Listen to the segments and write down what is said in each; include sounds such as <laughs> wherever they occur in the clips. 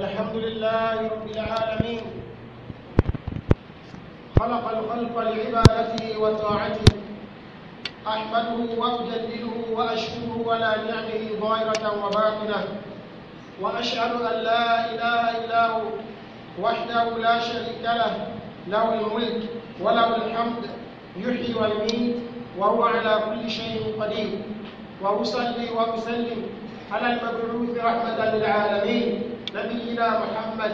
الحمد لله رب العالمين خلق الخلق لعبادته وطاعته أحمده وأجلله وأشكره على نعمه ظاهرة وباطنة وأشهد أن لا إله إلا هو وحده لا شريك له له الملك وله الحمد يحيي ويميت وهو على كل شيء قدير وأصلي وأسلم على المبعوث رحمة للعالمين نبينا محمد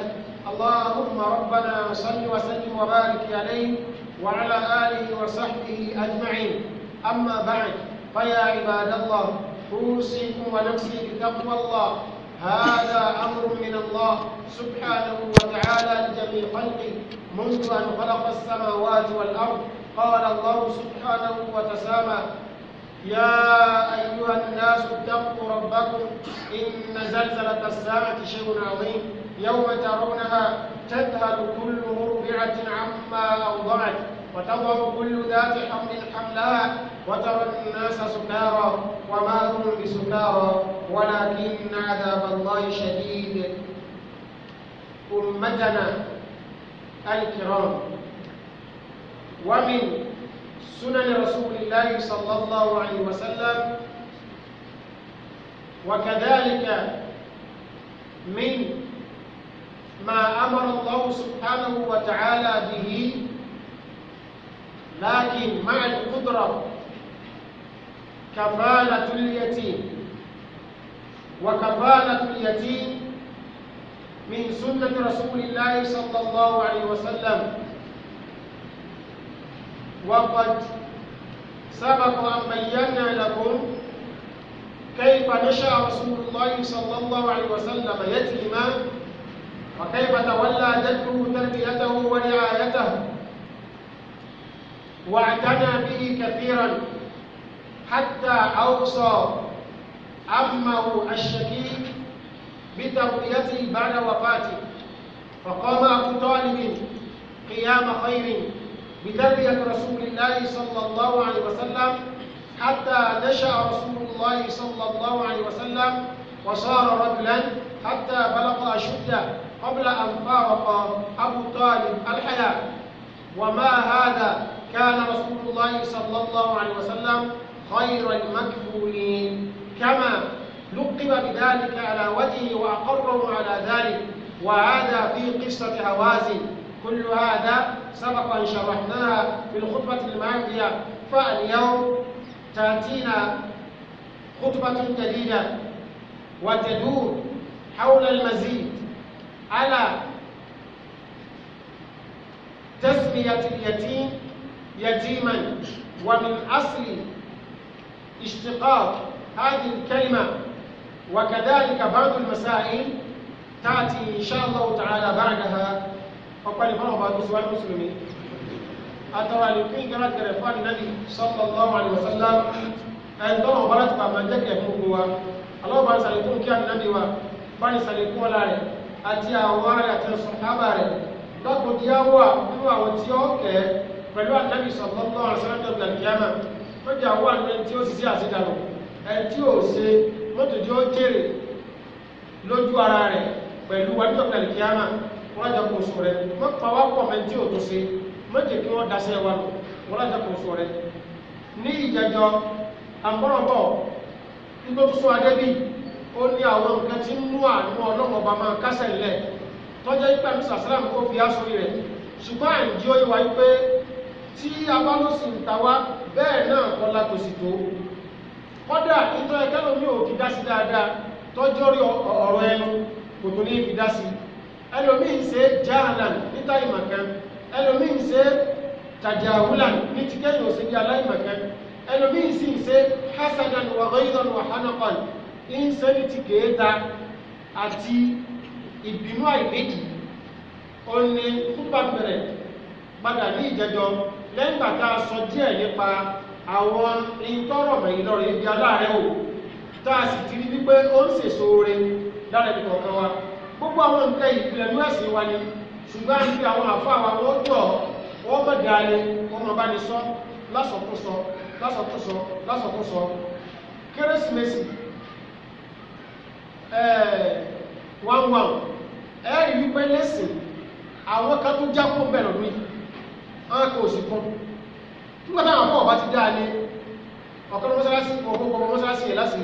اللهم ربنا صل وسلم وبارك عليه وعلى آله وصحبه أجمعين أما بعد فيا عباد الله أوصيكم ونفسي بتقوى الله هذا أمر من الله سبحانه وتعالى لجميع خلقه منذ أن خلق السماوات والأرض قال الله سبحانه وتسامى يا أيها الناس اتقوا ربكم إن زلزلة الساعة شيء عظيم يوم ترونها تذهل كل مربعة عما أوضعت وتضع كل ذات حمل حملها وترى الناس سكارى وما هم بسكارى ولكن عذاب الله شديد أمتنا الكرام ومن سنن رسول الله صلى الله عليه وسلم وكذلك من ما أمر الله سبحانه وتعالى به لكن مع القدرة كفالة اليتيم وكفالة اليتيم من سنة رسول الله صلى الله عليه وسلم وقد سبق أن بينا لكم كيف نشأ رسول الله صلى الله عليه وسلم يتيما وكيف تولى جده تربيته ورعايته واعتنى به كثيرا حتى أوصى عمه الشقيق بتربيته بعد وفاته فقام أبو طالب قيام خير بتربية رسول الله صلى الله عليه وسلم حتى نشأ رسول الله صلى الله عليه وسلم وصار رجلا حتى بلغ أشده قبل أن فارق أبو طالب الحياة وما هذا كان رسول الله صلى الله عليه وسلم خير المكفولين كما لقب بذلك على وجهه وأقره على ذلك وهذا في قصة هوازن كل هذا سبق أن شرحناها في الخطبة الماضية فاليوم تأتينا خطبة جديدة وتدور حول المزيد على تسمية اليتيم يتيما ومن أصل اشتقاق هذه الكلمة وكذلك بعض المسائل تأتي إن شاء الله تعالى بعدها ọ̀pẹ́ni fọ́nà ọba tó síwájú mùsùlùmí àtàwọn àlèkún ìgbára kẹrẹ fún àdínábì sallallahu alaihi wasallam ẹ̀ńtọ́nà ọba láti pàmà jẹ́kẹ̀ fún gbogbo wa alọ́ọ̀bá ń sàlékún kí àdínábì wa bá ní sàlékún ọlá rẹ̀ àti àwọn ará àti ẹ̀sùn ábà rẹ̀ lọ́kùn tí á wà nínú àwọn tí ó kẹ́ pẹ̀lú àdínábì sallallahu alaihi wasallam tó gbàgbé yàmà ó jẹ́ àwọn àdínábì tí ó sì sí àṣìdàlù ẹ̀ tí ó ṣe mọ́tò tí ó jèrè lójú ara rẹ̀ pẹ̀lú wàdúgbò pẹ̀lú kíámà wọ́n jẹ́ kó so rẹ̀ wọ́n pa wá pọ̀ mẹ́tí ò tó ṣe méjì kí wọ́n daṣẹ́ wa lò wọ́n jẹ́ kó so rẹ̀ ní ìjẹjọ àgbọ̀rọ̀bọ̀ igbó tó so adé bí ó ní àwọn nǹkan tí ń mú àánú ọlọ́mọ ọba máa kásẹ̀ ńlẹ̀ tọ́jọ́ ipa mi sàsílám kó fi aṣọ rẹ̀ ṣùgbọ́n àìjí ó yíwa pé tí a bá ló sì ń ta wá bẹ́ẹ̀ náà kọ́ la tòsí tó kọ́dà ìtọ́ ẹgbẹ́ lómi ò fi dáadáa tọ́jọ́ rí ọ̀rọ̀ ẹnu ní fi dá ẹlòmíín ṣe jahalan níta ìmọ̀kan ẹlòmíín ṣe tajawulan ní ti kẹ́yìn òsè di aláìmọ̀kan ẹlòmíín sì ṣe hasadan wa ghaydan wa hanafan ń ṣe ní ti kéèta àti ìbínú àìlédìí òní púpà bẹ̀rẹ̀ padà ní ìjẹjọ lẹ́yìn ìgbà tá a sọ díẹ̀ nípa àwọn ìtọ́rọ̀ mẹ́yìn lọ́rọ̀ ibi aláàrẹ̀ o tá a sì ti rí wípé ó ń sèso oore lára ẹ̀dùn kọ̀ọ̀kan wa gbogbo àwọn nǹkan ìpìlẹ̀ ní ẹ̀sìn wa ni ṣùgbọ́n àti àwọn àfa wa wọ́n jọ wọ́n bẹ̀ dáadé wọ́n mọ̀ bá ní sọ lásọkúsọ lásọkúsọ lásọkúsọ kérésìmesì wọ́n eh, wọ́n ẹ̀rí wípé lẹ́sìn àwọn kan tó jákó bẹ̀rẹ̀ mi wọ́n kò sì kún nígbà táwọn afọ́ ọba ti dáadé ọ̀kan mọ́sálásí ọ̀pọ̀ mọ́sálásí yẹn láti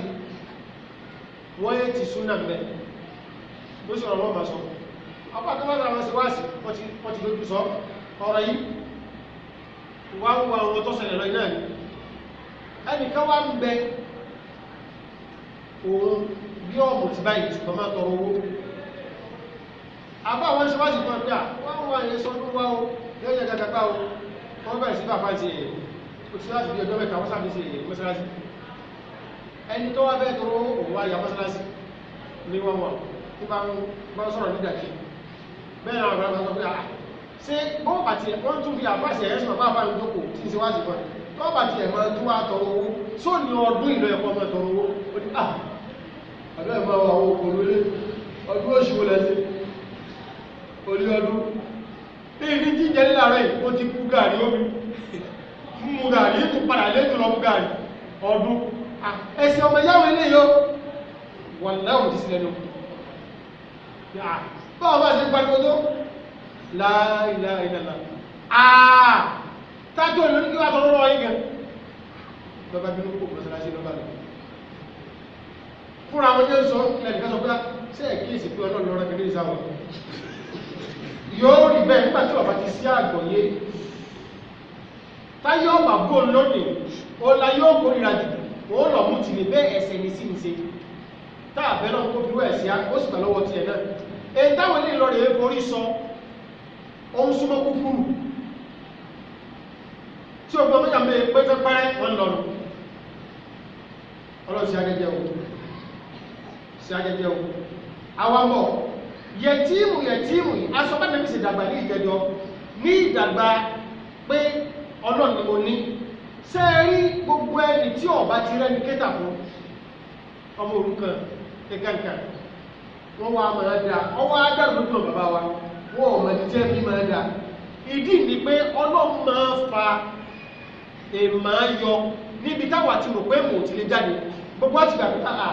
wọ́n yẹ ti súnà mẹ́rin ló sì ọ̀rọ̀ máa sọ apá kan lára àwọn síwáàsì wọ́n ti lójú sọ ọ̀rọ̀ yìí wá ń wa àwọn tó ṣẹlẹ̀ lọ iná ni ẹnìkan wá ń bẹ òun bí ọmọ ti báyìí ṣùgbọ́n máa tọrọ owó àbá àwọn síwáàsì kan dà wọ́n wá ilé sọdún wá o lẹ́yìn ẹ̀dàgbà o wọ́n bẹ̀rẹ̀ sí bàbá ti èèyàn kò sí láti bí ọjọ́ sí ẹni tó wá bẹ́ẹ̀ tọrọ òun wá ya mọ́sálásí ní wọ́n wọ́n tí bá ń bá sọ̀rọ̀ nígbà kí bẹ́ẹ̀ náà àgbàlagbà sọ pé à ah, ṣé bọ́ọ̀bà tí wọ́n tún fi àbáṣe ẹ̀yẹ́ sọ̀rọ̀ bá ń jókòó tí ń ṣe wá sí fún ẹ̀ bọ́ọ̀bà tí ẹ̀ máa tún wá tọrọ owó só ní ọdún ìlọ ẹ̀kọ́ máa tọrọ owó ó ní ah, à àbẹ́ máa wà owó kò lólé ọdún oṣù lẹ́sí orí ọdún èyí jíjẹ níláàárọ̀ yìí ó ti kú gàrí omi mú gàrí ètò padà báwo bá ti pariwo tó láìlá ìlàlá àà tájú òní oníkí wà tọrọ ọyìn gan lọba bínú kò mọ́sálásí lọba lọ fúnra wọn jẹ́ sọ ilẹ̀ nìkan sọ pé ṣe é kíyèsí pé ọlọ́run lọ́rọ́ kìíní ìsáwọ̀ yóò rí bẹ́ẹ̀ nígbà tí ọba ti sí àgbọ̀yé táyé ọba bò lónìí ọlá yóò kórìíra jù ó lọ mú tìlẹ̀ bẹ́ẹ̀ ẹsẹ̀ ní sí ní ṣe tá náà kó fi wẹ̀ sí ó sì gbà lọ́wọ́ tiẹ̀ náà èyí táwọn ilé ìlọ rẹ̀ forí sọ ohun súnmọ́ kúkúrú tí o gbọ́ mẹ́ta mẹ́ pé pẹ́pẹ́rẹ́ wọn lọ́rùn ọlọ́run sí agẹ́gẹ́ o sí agẹ́gẹ́ o awamọ̀ yẹtíìmù yẹtíìmù asọ́bẹ́ni mi sì dàgbà ní ìjẹjọ ni mo ní ṣé ẹ rí gbogbo ẹni tí ọba ti rẹ́ni kéta fún ọmọ òrukàn kankan wọ́n wá máa dà ọwọ́ adáàbò tó bàbá wa wọ́n ò máa jíjẹ́ bí máa dà ìdí ni pé ọlọ́run máa fa èèmọ̀ yọ níbi táwọn àti rò pé mò ń ti lè jáde gbogbo àti gbàgbé àà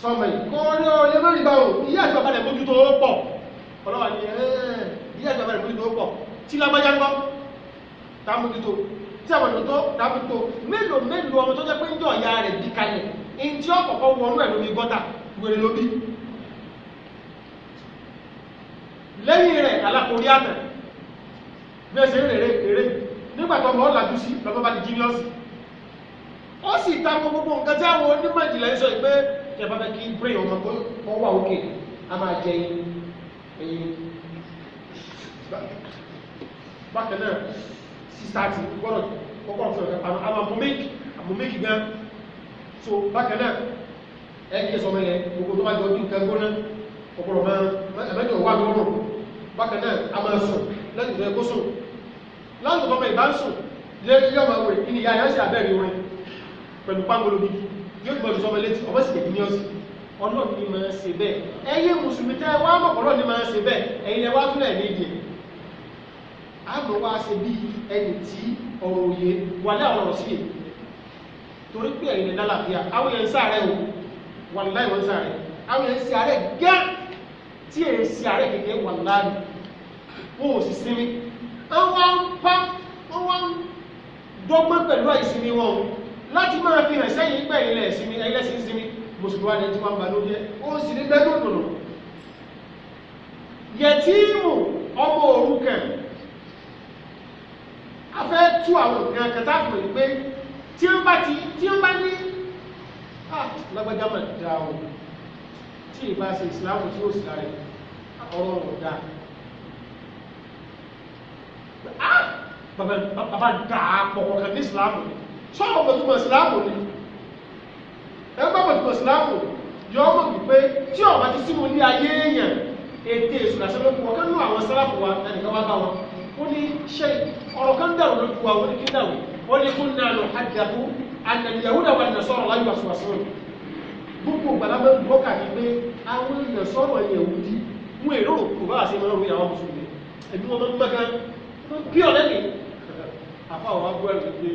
sọmọ yìí kọ́ ní ọlẹ́ lórí bá wọn ìyá àti bàbá rẹ̀ bójú tó pọ̀ ọlọ́wà ni ìyá àti bàbá rẹ̀ bójú tó pọ̀ tí lágbájá ń gbọ́ tábójú tó lẹ́yìn rẹ̀ alákòrí àtà bí ẹ ṣe ń rèrè èrè nígbàtọ̀ ọmọ ọ̀làjú sí lọ́pọ̀ bá di genius ó sì ta gbogbo nǹkan tí àwọn onímọ̀ ìjìnlẹ̀ ń sọ pé ìjọba fẹ́ kí brain ọmọ pé wọ́n wà òkè a máa jẹ ẹyin bákan náà sísá àti gbọ́dọ̀ kọ́kọ́ fún ọ̀gá pàmò àwọn amúmíkì amúmíkì gan so bákan náà ẹ kí ẹ sọ mẹ́yẹ gbogbo tó bá jọ bí nǹkan gbóná ọ̀pọ̀lọpọ̀ ẹ̀mẹ́jọ wà lọ́rùn bákan náà a máa sùn lẹ́yìn tó yẹ kó sùn láti tọ́mọ ìbá ń sùn lérí yóò máa wèrè kíni yáyá sí abẹ́rẹ́ orin pẹ̀lú pangolo gidi yóò gbọ́dọ̀ sọmọ létí ọmọ sì lè ní ọ̀sì ọlọ́run ni máa ṣe bẹ́ẹ̀ ẹyẹ mùsùlùmí tẹ́ wá mọ̀ ọlọ́run ni máa ṣe bẹ́ẹ̀ ẹ̀yin lẹ tún lẹ̀ ní ìdí àmọ́ wá ṣe bí ẹni tí ọ̀rọ̀ òye wà ní àwọn ọ̀rọ̀ sí torí pé ẹ̀yin lẹ lálàáfíà àwọn yẹn ń sáré o wà láì wọ́n sáré àwọn yẹn ń sáré gẹ́ẹ́ tí èyí sí ààrẹ kékeré wà láàyè wọn ò sì sinmi àwọn apá wọn wá ń dọ́gbọ́n pẹ̀lú àìsinmi wọn o láti máa fi hàn sẹ́yìn pẹ̀ ilẹ̀ ìsinmi ẹlẹ́sìn sinmi mùsùlùmí wa ni tí wọ́n bá ló jẹ́ ó sì ní bẹ́ẹ̀ ló dùnú. yẹtíìmù ọmọ òrukàn a fẹ́ tú àwọn nǹkan kẹta fún mi pé tí ó bá ti tí ó bá ní ah, lágbájá mà dáa o tí ì bá ṣe ìsìláàmù tí ó sì lára ẹ̀ ọ̀rọ̀ rẹ̀ dáa bàbá dáa pọ̀pọ̀ kan ní ìsìláàmù ni sọ́ọ̀bù pẹ̀tùmọ̀ ìsìláàmù ni ẹgbẹ́ pẹ̀tùmọ̀ ìsìláàmù yọ ọmọ wípé tí ọ̀bá ti símu ní ayé èèyàn ètè èsù làṣẹ ló kún ọkàn nú àwọn sáláfù wa ẹnìkan wá bá wọn ó ní ṣe ọ̀rọ̀ kan dàrú lójú wa ó ní kí dàrú ó ní kún náà lọ àjàkú ànàlìyàwó wọn èrò kò bá àṣẹ mọ́rún ìyàwó mùsùlùmí ẹ̀mí wọn máa ń gbẹ́kan kí ọ̀lẹ́ mi àfa àwọn agbó ẹ̀rù pé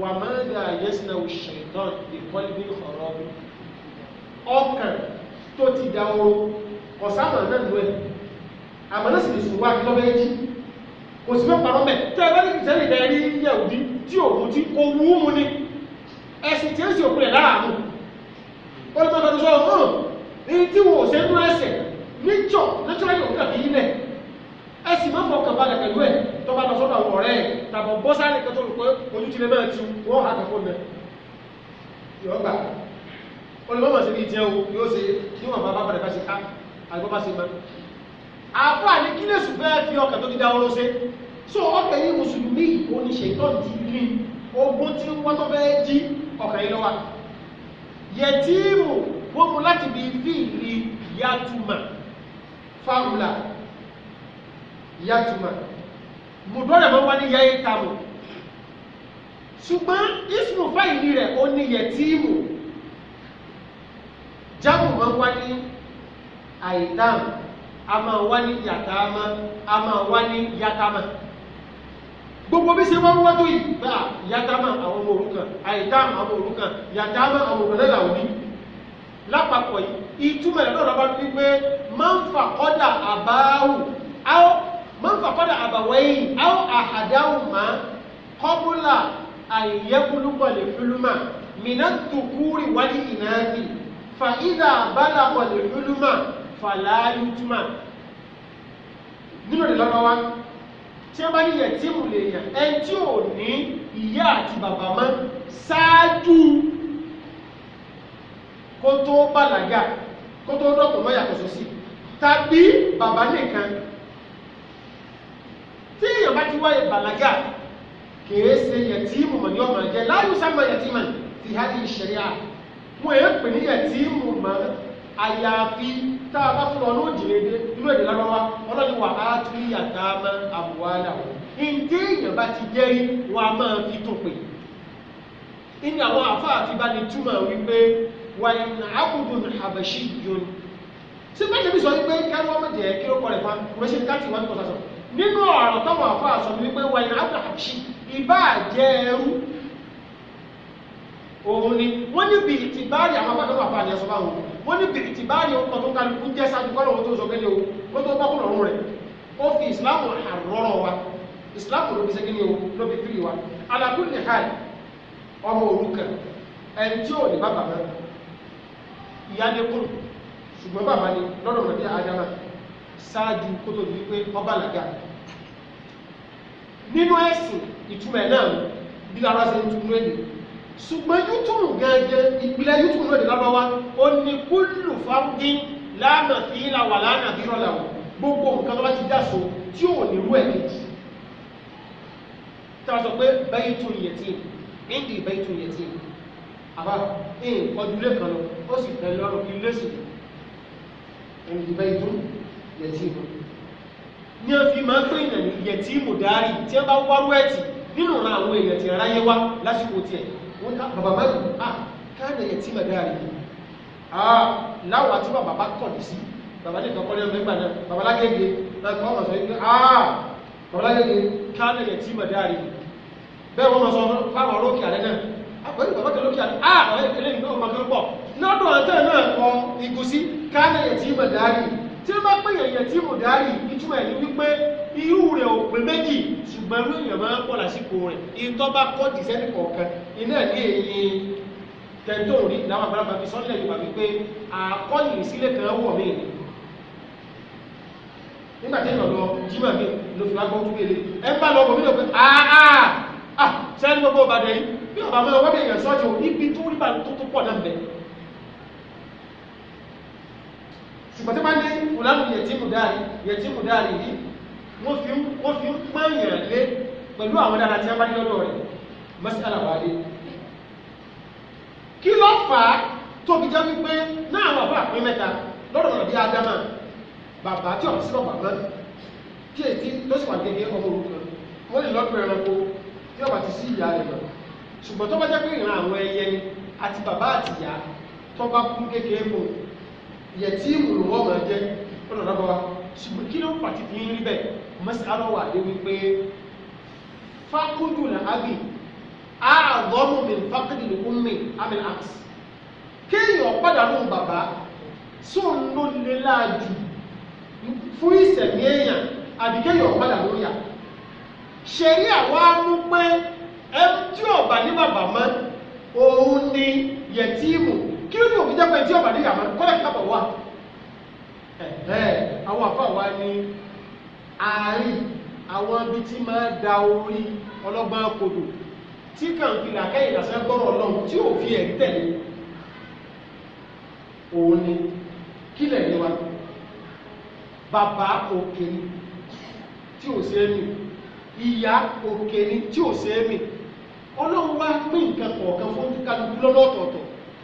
wà máa ń da yẹ́sìnà òṣèǹtàn ìkọ́lébí ọ̀rọ̀ ọkàn tó ti da ooru ọ̀sánà náà nù ẹ̀ àmọ́ náà sì lè sùn wá kí lọ́bẹ̀ jí kò sí mẹ́pàá rọ́mẹ̀ tẹ́ ẹ bá ní ìtẹ́lẹ̀ ìdá ẹ̀rí yẹ̀wùdí tí òun ti kó mu ni ẹ̀sìn tí ó sì òkú rẹ̀ láàánú ó lè má bá tó sọ ọ̀hún ní tí wọn ò ṣe ń rú nature naturally òun kàbí ilẹ̀ ẹ sì máa fọkàn balẹ̀ pẹ̀lú ẹ̀ tó bá lọ sọ́dọ̀ àwọn ọ̀rẹ́ ẹ̀ tàbọ̀ bọ́ sáré kan tó rò pé ojú ti lè máa ti wọ́n hà kẹ́kọ̀ọ́ mẹ́ yọ̀ gbà olùmọ̀mọ̀ sí ní ìjẹun yóò ṣe níwọ̀n bá bá padà bá ṣe ká àgbọ́bá ṣe máa àfáà ní kí lèṣù fẹ́ fi ọkà tó dídá ọrọ̀ ṣe so ọkà yìí mùsùlùmí oníṣẹ́ ìtọ́n ti rí ogun tí wọ́n tó fẹ́ fáwùlà yàtùmá mùdọ́rẹ̀ máa wá ní yáyé tamù ṣùgbọ́n ismu fáìlì rẹ̀ ó ní yẹtíìmù jámù máa wá ní àìdáàmù a máa wá ní yàtàmá a máa wá ní yàtàmá gbogbo bí ṣe wọ́n wọ́n tó yìí gbà yàtàmá àwọn ọmọ òrukàn àìdáàmù àwọn òrukàn yàtàmá àwọn òrukàn náà làwọn lápapọ̀ yìí ìtumọ̀ ẹ̀rọ lọ́ba ní pé máa ń fàkọ́dà àbáwù áwọ̀ máa ń fàkọ́dà àbàwẹ́yìn áwọ̀ àhàdáhùn máa kọ́bùlà àyẹ̀kúlùkọ̀lẹ̀ fúlùmà mìíràn tukúrì wálé ìnáàdì fa ìdá àbálàkọ̀lẹ̀ fúlùmà fàlàyùtùmà nínú ìlọ́rọ̀ wa tí wọ́n bá ní yẹ̀tí mùlẹ̀ kó tó bàlágà kó tó dọ̀tọ̀ lọ́yà kò sósì tàbí bàbá nìkan tí èèyàn bá ti wáyé bàlágà kìí ṣe yẹtíìmù mọ̀ ní ọmọ ẹ̀jẹ̀ láàyè sábà yẹtíìmù ti há ní ìṣẹ̀ríà wọ́n èé pè ní yẹtíìmù mọ́ àyàfi tá a bá fún ọ ní òjì lédè inú èdè lọ́wọ́ ọlọ́ni wà á tún yàtá mọ́ àbúwádà ǹjẹ́ èèyàn bá ti jẹ́rí wọn a máa fi tó pè ní àwọn àfáà fi bá ní túmọ̀ wípé wà ní abudun habashi yun sí pé tẹ̀mí sọ wípé kẹ́rù ọmọ jẹ́ kí ló kọ́ rẹ̀ fún kùrẹ́sì káàtì wà ní kọ́sàsọ nínú ọ̀rọ̀ táwọn afọ àṣọ ni wípé wà ní abudun habashi ìbá jẹ́ ẹrú òun ni wọ́n ní bìrì ti báàrì àwọn afọ àtọ́wọ́ afọ àníyàsọ báwọn wọ́n ní bìrì ti báàrì ọkọ̀ tó ń kálukú jẹ́ sáájú kọ́lọ̀ wọn tó sọ gẹ́lẹ́ o wọ́n tó gbọ́kùn lọ́rùn rẹ̀ ó fi ìsìláàmù àrọ́rọ̀ wa ìsìláàmù ló fi ṣe gẹ́lẹ́ o ló fi fìrì wa alákùnrin hàn ọmọ òrukàn ẹni tí ò ní bàbá náà ìyáde kùn ṣùgbọ́n bàbá ni lọ́dọ̀ rẹ̀ bí adama ṣáájú kó tó di wípé ọba làgà nínú ẹ̀sìn ìtumọ̀ náà bí lára ṣe ń túnú èdè ṣùgbọ́n yútùmù gẹ́gẹ́ ìpìlẹ̀ yútùmù lóde lọ́lọ́wá ó ní kúlù fáwọn láàmà fi ìlà wà láàmà fi rọ̀là wọ̀ gbogbo nǹkan tó bá ti dáṣo tí ò ní rú ẹ̀kejì tá a sọ pé bẹ́yìí tún yẹtì ìdí bẹ́yìí tún yẹtì àbá ní ìkọjúlé kan lọ ó sì tẹ̀ lọ́rùn ilé sì ẹni tó bẹ́ẹ̀ tún yẹtí mọ́ ní a fi máa ń pèyàn ní yẹtí mò dárì tí a bá wárú ẹ̀tì nínú ra àwọn èèyàn ti ráyé wá lásìkò tiẹ̀ wọ́n ká ah, bàbá máa ń ah, ah láwọn àti bàbá bá kọ̀dí sí bàbá ní kankan ní ọmọ ẹgbàá náà bàbá lágége láti wọ́n sọ pé ah bàbá lágége káàdà yẹtí mà dárì àpẹẹrẹ bàbá kan lókè àná ah, àwọn ìpínlẹ̀ ìlú ọmọ kan pọ̀ lọ́dọ̀ àtẹ̀ náà kọ ìgúsí káàdà yẹtí mọ̀ dárì tí wọ́n bá pè yẹn yẹtí mọ̀ dárì ìtumọ̀ ẹ̀ ní wípé irú rẹ̀ ò pé méjì ṣùgbọ́n irú èèyàn máa ń pọ̀ lásìkò rẹ̀ ìtọ́ bá kọ́ dìsẹ́nì kọ̀ọ̀kan iná ní èyí tẹ̀tọ́ rí làwọn àgbàlagbà fi sọ́lẹ̀ yorùbá wípé àkọ́yìn sílẹ̀ kan wọ̀ mí ni nígbà tí èèyàn lọ jímọ̀ mi ló fi wá gbọ́ tó gbélé ẹ bá lọ bọ̀ mí lọ pé àá ah sẹ́ni gbogbo ìbàdàn yìí bí ọba máa wọ́n bẹ̀rẹ̀ sọ́ọ̀tì ò níbi tó rí bàtà tó tó pọ̀ náà bẹ̀. ṣùgbọ́n tí wọ́n ní fúlàní yẹtìmù dáàrí yẹtìmù dáàrí yìí wọ́n fi wọ́n fi pọ́nyàn lé pẹ̀lú àwọn dára tí wọ́n bá ní lọ́dọ̀ rẹ̀ mọ́sálà wálé. kí ló fà á tó fi jẹ́ wípé náà àwọn àbúrò àpín mẹ́ta lọ́dọ̀ ọ̀dí ádámà bàbá tí ọ̀pọ̀ sí bàbá náà kí èyí tó sì wà gẹ́gẹ́ ọmọ yóò bá ti sí ìyá rẹ̀ lọ ṣùgbọ́n tó bá jẹ́ pé ìran àwọn ẹyẹ ni àti bàbá àti ìyá tó bá kú kékeré mọ́ ìyẹ̀ tí ìwòrò wọ́n máa jẹ́ ọ̀nà lọ́bọ̀ wa ṣùgbọ́n kí ló ń pàtì fi ń rí bẹ́ẹ̀ mọ́sálọ́ wà dé wípé fákúndùn àbí àgọ́mù mi fákúndùn ní kúnmi amin ax kéèyàn pàdánù bàbá sóun ló lé láàjù fún ìsẹ̀mí èèyàn àbí pàdánù yàtọ̀ ṣẹ̀rí àwa mú pé ẹni tí ọ̀bà ní bàbá mọ́ òun ni yẹtíìmù kí ló ní òbí jẹ́ pé tí ọ̀bà ní yàmọ́ kọ́lẹ̀ kábọ̀ wà àwọn àfa wa ni àárín àwọn ibi tí máa da orí ọlọ́gbọ́n kodò tí kàn fi làkẹ́ ìdásẹ́ gbọ́rọ̀ ọlọ́run tí ò fi ẹ̀rí tẹ̀lé òun ni kílẹ̀ ní wa bàbá òkè tí ò sí ẹ̀mí ìyá òkè ni tí ò ṣe é mì ọlọ́run wá pín nǹkan kọ̀ọ̀kan fún kálukú lọ́nà ọ̀tọ̀ọ̀tọ̀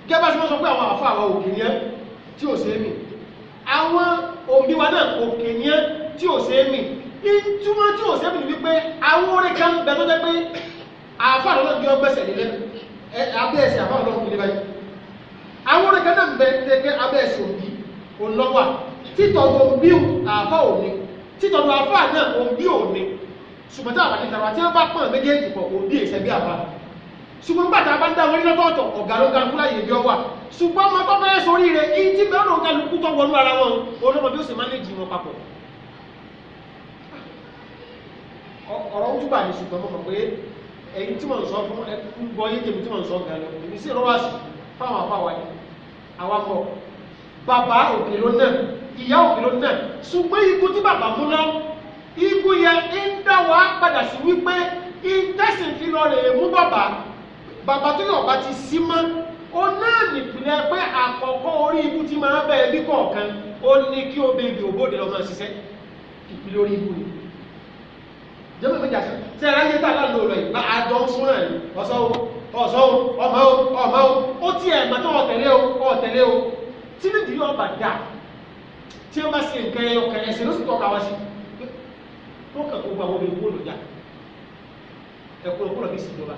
gẹ́gẹ́ bí wọ́n sọ pé àwọn àfa àwọn òkè ni ẹ́ tí ò ṣe é mì àwọn òbí wa náà òkè ni ẹ́ tí ò ṣe é mì ìtumọ̀ tí ò ṣe é mì ni wípé àwọn orin kan bẹ tó jẹ́ pé àfa àwọn ọlọ́run gbé ọgbẹ́sẹ̀ nílẹ̀ abẹ́ ẹ̀sẹ̀ àfa ọlọ́run kò ní báyìí àwọn orin kan náà bẹ ṣùgbọ́n tí àwọn ìtara tí wọ́n bá pọ̀ méjèèjì pọ̀ kò bí èsẹ̀ bí àbá ṣùgbọ́n gbàtà bá ń dá wọn lọ́tọ̀ọ̀tọ̀ ọ̀gá ló ga kúlá yèbí ọwà ṣùgbọ́n ọmọ tó fẹ́ sórí rẹ̀ yìí tí bẹ́ẹ̀ lóun kálukú tó wọnú ara wọn olómọ bí ó sì máa lè jì wọn papọ̀ ọ̀rọ̀ ń túbà ní ṣùgbọ́n mo mọ̀ pé ẹ̀yin tí mo ń sọ fún ń gbọ́ yé tèmi tí mo ń sọ gan lọ èmi sì rọ́wà sí fáwọn afáwa ni igun yẹn ń dá wa padà sí wípé intestine fi lọ rèé mú bàbá bàbá tó yọ̀ bá ti sí mọ́ ó náà nìpínlẹ̀ pé àkọ́kọ́ orí ibu ti máa bẹ̀ ẹbí kọ̀ọ̀kan ó ní kí o bèbè òbóde lọ́mọ ṣiṣẹ́ ìpínlẹ̀ orí ibu ni jẹ́mọ̀ méjì àṣẹ tí ẹ̀rọ ayé tààlà lò rẹ̀ bá àjọ ń súnrẹ̀ ọ̀sọ́ o ọ̀sọ́ o ọmọ o ọmọ o ó ti ẹ̀ mọ́tò ọ̀tẹ̀lé o ọ̀tẹ̀lé o tí nídìí ọba dà tí ó bá ṣe nǹkan ẹyọ kẹrẹsì ló sì tọ́ka wá sí i tó kàn gbogbo àwọn obìnrin kúrò lọ́jà ẹ̀kọ́ ọkùnrin bí ìsìnjọba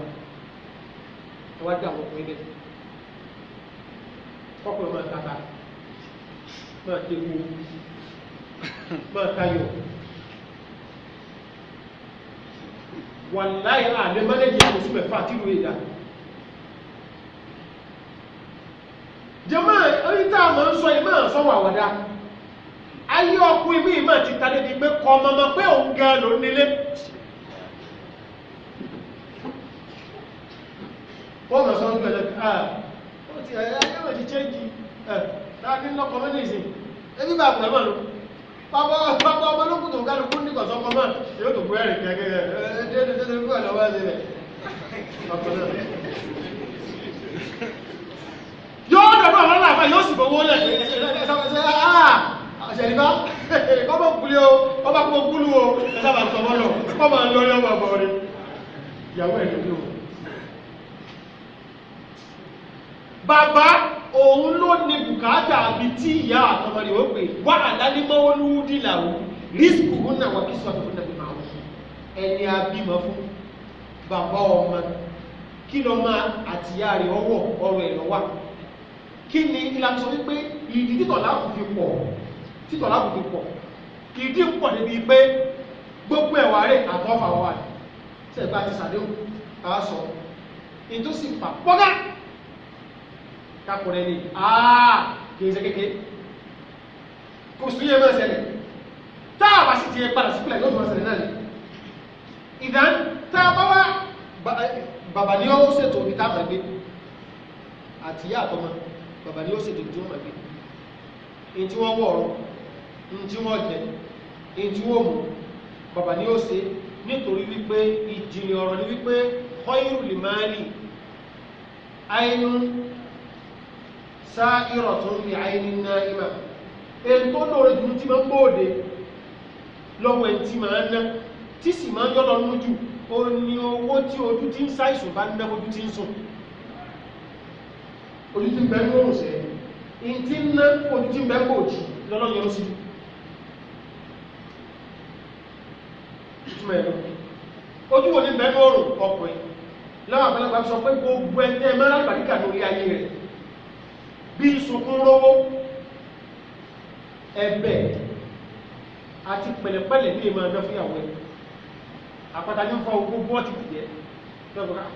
ẹ wá dé àwọn ọkùnrin bẹ́ẹ̀ ọkùnrin máa tata máa tẹ́wọ́ máa tayọ̀ wàláyé àlẹ́ mọ́lẹ́jì àkóso mẹ́fà tí ìwé ìdá jẹ́mọ́ orí tá a máa ń sọ yìí máa sọ wàwọ̀dá ayé ọkùnrin míì máa ti tàdé di pé kọ ọmọ ọmọ pé òun gan ló nílé wọ́n mọ̀ sọ́dún ẹ̀lẹ́ ah ó ti ẹ̀yà eh, yóò ti chẹ́ǹjì ẹ̀ eh, láti lọ́kọ̀ mẹ́rin ìsìn ẹbí bá àpùlẹ̀ mọ̀ ló pápá pápá ọmọ lókùn tó kálukú ní kọ̀sọ́ eh, ọmọ náà yóò tó gbẹ́rìn kẹ́kẹ́ yóò dọ̀dọ̀ àwọn aláàfáà yóò sì fowó lẹ̀ ah, àṣẹ̀ríbá <laughs> kọ́mọ̀ kúlé o ọba kúmọ̀ kúlú o sábà sọmọ́ lọ kọ́mọ̀ ń lọ́rí ọmọ ọ̀bọ̀ rẹ̀ ìyàwó ẹ̀ lórí o bàbá òun ló ní bùkátà àbí tí ìyá àtọmọdé ó pè wá àdánimọ́wó lúwúdí làwọn rísíkù ó nà wọ́n kí sọ́dún fún nàbí màá wọ́n ẹni abímọ fún bàbá ọmọ kí lọ máa àtìyá rẹ̀ ọwọ́ ọrọ̀ ẹ̀ lọ́wọ́ kí ni ìlànà sọ wípé ìdí títọ̀ láàfin fi pọ̀ títọ̀ lábùkù pọ̀ ìdí pọ̀ débi pé gbogbo ẹ̀wà rẹ̀ àtọ́fà wà ní sẹ́gbà ti sàdéhùn ká sọ ètò sì fà pọ́gá kápọ̀rẹ́ ni àá kìí ṣe kékeré kò sí yẹ mọ́ ṣẹlẹ̀ táà bá sì ti padà sípìlẹ̀ yóò tún ṣẹlẹ̀ náà ni ìdán tá a bá wá bàbá ni ó ṣètò ibi táà máa gbé àtìyá àtọmọ bàbá ni ó ṣètò ibi tí wọ́n máa gbé èyí tí wọ́n wọ̀ ọ̀rọ̀ ntí wọ́n jẹ ntí wọ́n mú bàbá ni ó ṣe nítorí wípé ìjìnlẹ̀ ọ̀rọ̀ ni wípé khayru limali àìnú sáà ìrọ̀tún ní àìní náà ìmọ̀ ètò lóore jù tí máa ń bóòdè lọ́wọ́ ẹ̀ tí máa ń ná tí sì máa ń yọ́ lọ́nú jù ó ní owó tí ojú tí ń ṣàìsùn bá ná ojú tí ń sùn ojú tí ń bẹ́ ń wòrùn ìtí ń ná ojú tí ń bẹ́ ń lọ́lọ́yọ́ sí i túmọ̀ ẹ̀rọ ojú wo ni mẹ́nu òrùn ọkùnrin láwọn àgbàlagbà sọ pé gbogbo ẹ̀tẹ́ mẹ́rà gbàdíkà lórí ayé rẹ̀ bí sunkún rówó ẹ̀bẹ̀ àti pẹ̀lẹ̀pẹ̀lẹ̀ ní èèmọ̀ ẹ̀dọ́ fúyàwó ẹ̀ àpàtà ní fọ gbogbo ọtí tìjẹ́ lọ́gbọ̀n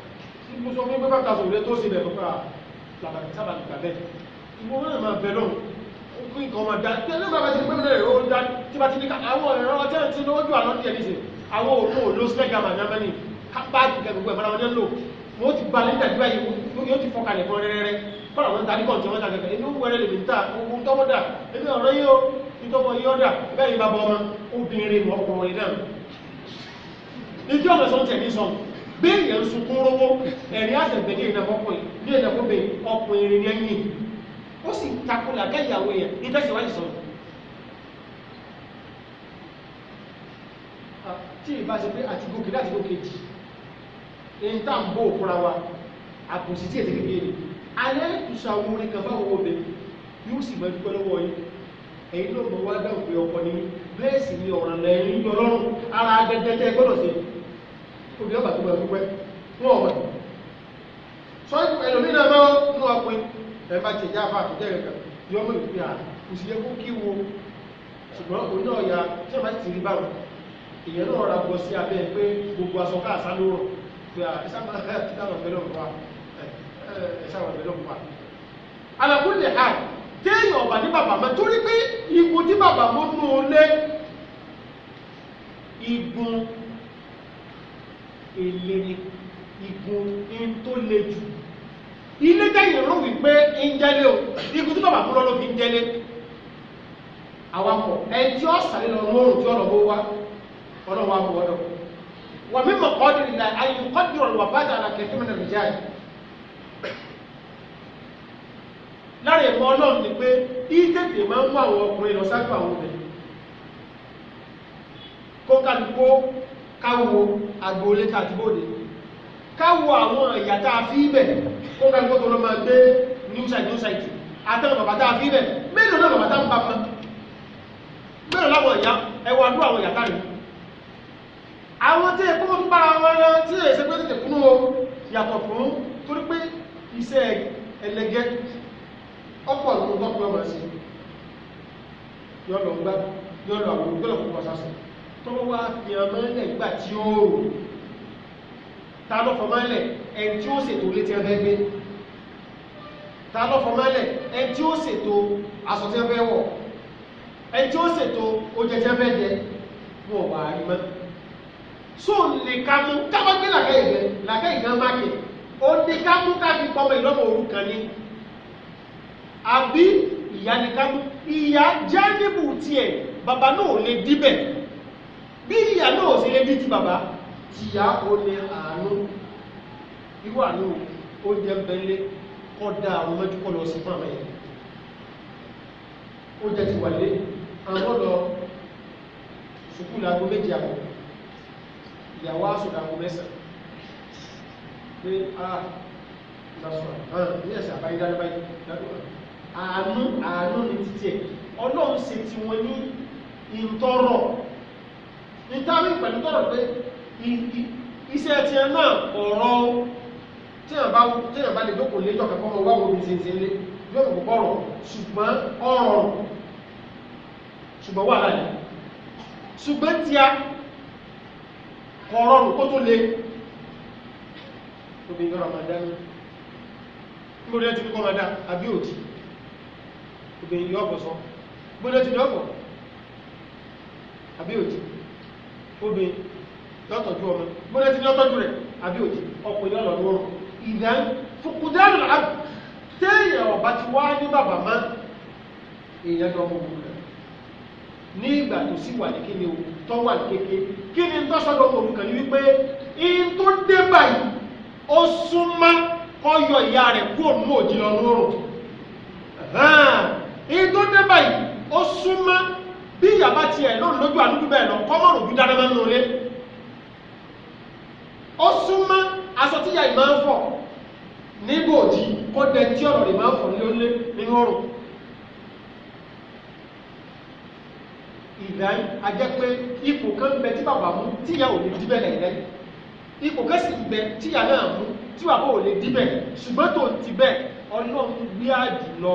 kí mo sọ fún pé bàtà sòwúrẹ́ tó sì bẹ̀rù pa ah, làbàtì sábàtì gbàbẹ́ ìwọ náà máa bẹ lọ́hùn kí nǹkan máa dá tí ẹ náà bá ti pẹ́ mi náà ó dá tí bá ti ní ká àwọn ẹ̀rọ ọjọ́ ti ní ojú àná díẹ̀ níṣẹ́ àwọn òkú òlò spẹ́gàmà námánì báàgì kẹgbogbo ẹ̀mọ́ra wọn lò wọ́n ti gba lẹ́tà tí báyìí yóò ti fọkalẹ̀ fún rẹ́rẹ́rẹ́ kọ́nà wọn ta níkọ̀ tí wọ́n ta kẹ̀kẹ́ inú wẹ́rẹ́ lè ta owó tọ́mọ́dà ebi ọ̀rọ̀ yìí ó ìtọ́mọ̀ yìí ọ̀dà bẹ́ẹ̀ bá bọ́ ọmọ obìnrin mọ́ ọkùnrin náà ìjọ ọ̀nà sọ tí ìbá ṣe pé àti gòkè láti gòkè jì èyí tá ń bó òkúra wa àkùnsí tí èdè kékeré alẹ́ ìtùsàwọn orin kan fáwọn obìnrin yóò sì mọ dúpẹ́ lọ́wọ́ yìí èyí ló mọ wá dáhùn pé ọkọ ni bẹ́ẹ̀ sì ni ọ̀ràn lẹ́yìn yọ lọ́rùn ara agẹgẹtẹ gbọ́dọ̀ sí obìnrin ọgbà tó gbà dúpẹ́ wọn ọ̀gbà sọ ẹlòmíràn máa ń lọ ọpin ẹ bá ti jáfa àtúntẹ̀ rẹ̀ kan yọmọ ìpìyà kò sì yẹ a bá èèyàn náà rà bọ́ sí abẹ́ pé gbogbo aṣọ káàsá ló rọ̀ pé ẹ̀ṣàwọn pẹ̀lú ọ̀pá ẹ̀ṣàwọn pẹ̀lú ọ̀pá. alakuli ha téèyàn ọ̀bà ní bàbá mọ́ torí pé ipò tí bàbá mọ́ nù ó lé igun èlé ni igun ń tó le jù ilé jẹ́yìn ló wí pé ń o igun tí bàbá mọ́ lọ́lọ́ fi ń jẹ́lé awakọ̀ ẹ tí ó sàlẹ̀ lọ lóòrùn tí ó lọ bó wá ọlọ́wọ́ àwọn ọ̀dọ́ wà mí mọ̀ kọ́ dìrì náà ayé kọ́ dìrò wà bá dàrà kẹfì mi nàìjíríà yìí lára ẹ̀kọ́ ọlọ́run ni pé ìtètè máa ń mú àwọn ọkùnrin lọ sáájú àwọn obìnrin kó kálukó káwo agboolé kàtúbòde káwo àwọn ìyá tá a fi bẹ̀ kó kálukó tó lọ máa gbé new site new site àtẹ́wọ̀n bàbá tá a fi bẹ̀ mélòó náà bàbá tá a ń bá mọ́ mélòó láwọn ìyá ẹwà dúró àwọn ìyá tá àwọn tí èkó ń bára wọn rán tí èsè pé tètè kúnnú o yàtọ̀ fún torí pé iṣẹ́ ẹlẹgẹ́ ọ̀pọ̀ ló tọ́ pé ọmọ sí yọlọ gbá yọlọ àwọn yọlọ kó wọ́n sásọ tọ́wọ́ wá fi hàn mọ́lẹ̀ nígbà tí ó rò ta ló fọ mọ́lẹ̀ ẹni tí ó ṣètò ilé tí wọ́n so nìkan mú káwọn gbé làkà ìgbẹ làkà ìgbẹ má kẹ ó nìkan mú káfí pọmọ ìlọmọ òrukàn ni àbí ìyá nìkan mú ìyá jẹ́ níbù tiẹ̀ bàbá náà ò lè díbẹ̀ bí ìyá náà ò sì lè dí ti bàbá tìyá ò lè àánú irú àánú oúnjẹ bẹ́lẹ́ kọ́ da àwọn mẹ́jú lọ sí fún àmọ́ yẹn oúnjẹ ti wà lé àwọn lọ sùkúlù aago méjì àbọ̀ ìyàwó aṣọ̀dà kò mẹ́sàn-án pé a lọ́sọ̀rọ̀ hàn ní ẹ̀sẹ̀ àbáyé dáadáa àánú àánú ni títí ẹ̀ ọlọ́run ṣe ti wọn ní ìtọ́rọ̀ nítorí pẹ̀lú tọ́rọ̀ pé iṣẹ́ ti ẹ náà ọ̀rọ̀ tíyàn bá lè jókòó lé tọ́kà fọ́mọ wá wo bìí yóò kò bọ́rọ̀ ṣùgbọ́n ọ̀rọ̀ ṣùgbọ́n wà láàyè ṣùgbọ́n tí a kọ̀ọ̀rọ̀rùn kó tó le obìnrin gbọ́nà máa dá ní gbọ́dọ̀ tí kọ́ máa dá àbí òtí obìnrin yọ́ ọ̀pọ̀ sọ gbọ́dọ̀ tí lọ́pọ̀ àbí òtí obìnrin lọ́tọ̀jú ọmọ gbọ́dọ̀ tí lọ́tọ̀jú rẹ̀ àbí òtí ọkùnrin lọ́lọ́rùn ìdán fòkùdánù àbí téèyàn ọ̀bá ti wá ní bàbá máa èèyàn lọ́mọ gbogbo ní ìgbà tó sì wà ní kíni o tó wà ní kéke kí ni tó sọ́dọ̀ olùkàn ní wípé in tó dé báyìí ó súnmọ́ kọ́ yọ ìyá rẹ̀ kú òun náà jìnnà lóòrùn in tó dé báyìí ó súnmọ́ bí ìyá bá tiẹ̀ lóòrùn lójú àdúgbò bẹ́ẹ̀ lọ kọ́ mọ̀rùn ojú dáná máa ń lọlé ó súnmọ́ aṣọ tíyà ì máa kó dẹ tí ọ̀rọ̀ rẹ̀ máa ń fọ̀ nínú ọ̀rùn ìdán ajẹ́ pé ipò kan bẹ tí bàbá mú tíyà ò lè díbẹ̀ lẹ́yìn ipò kan sì bẹ tíyà náà mú tí bàbá ò lè díbẹ̀ ṣùgbọ́n tó ti bẹ̀ ọlọ́run gbé àjù lọ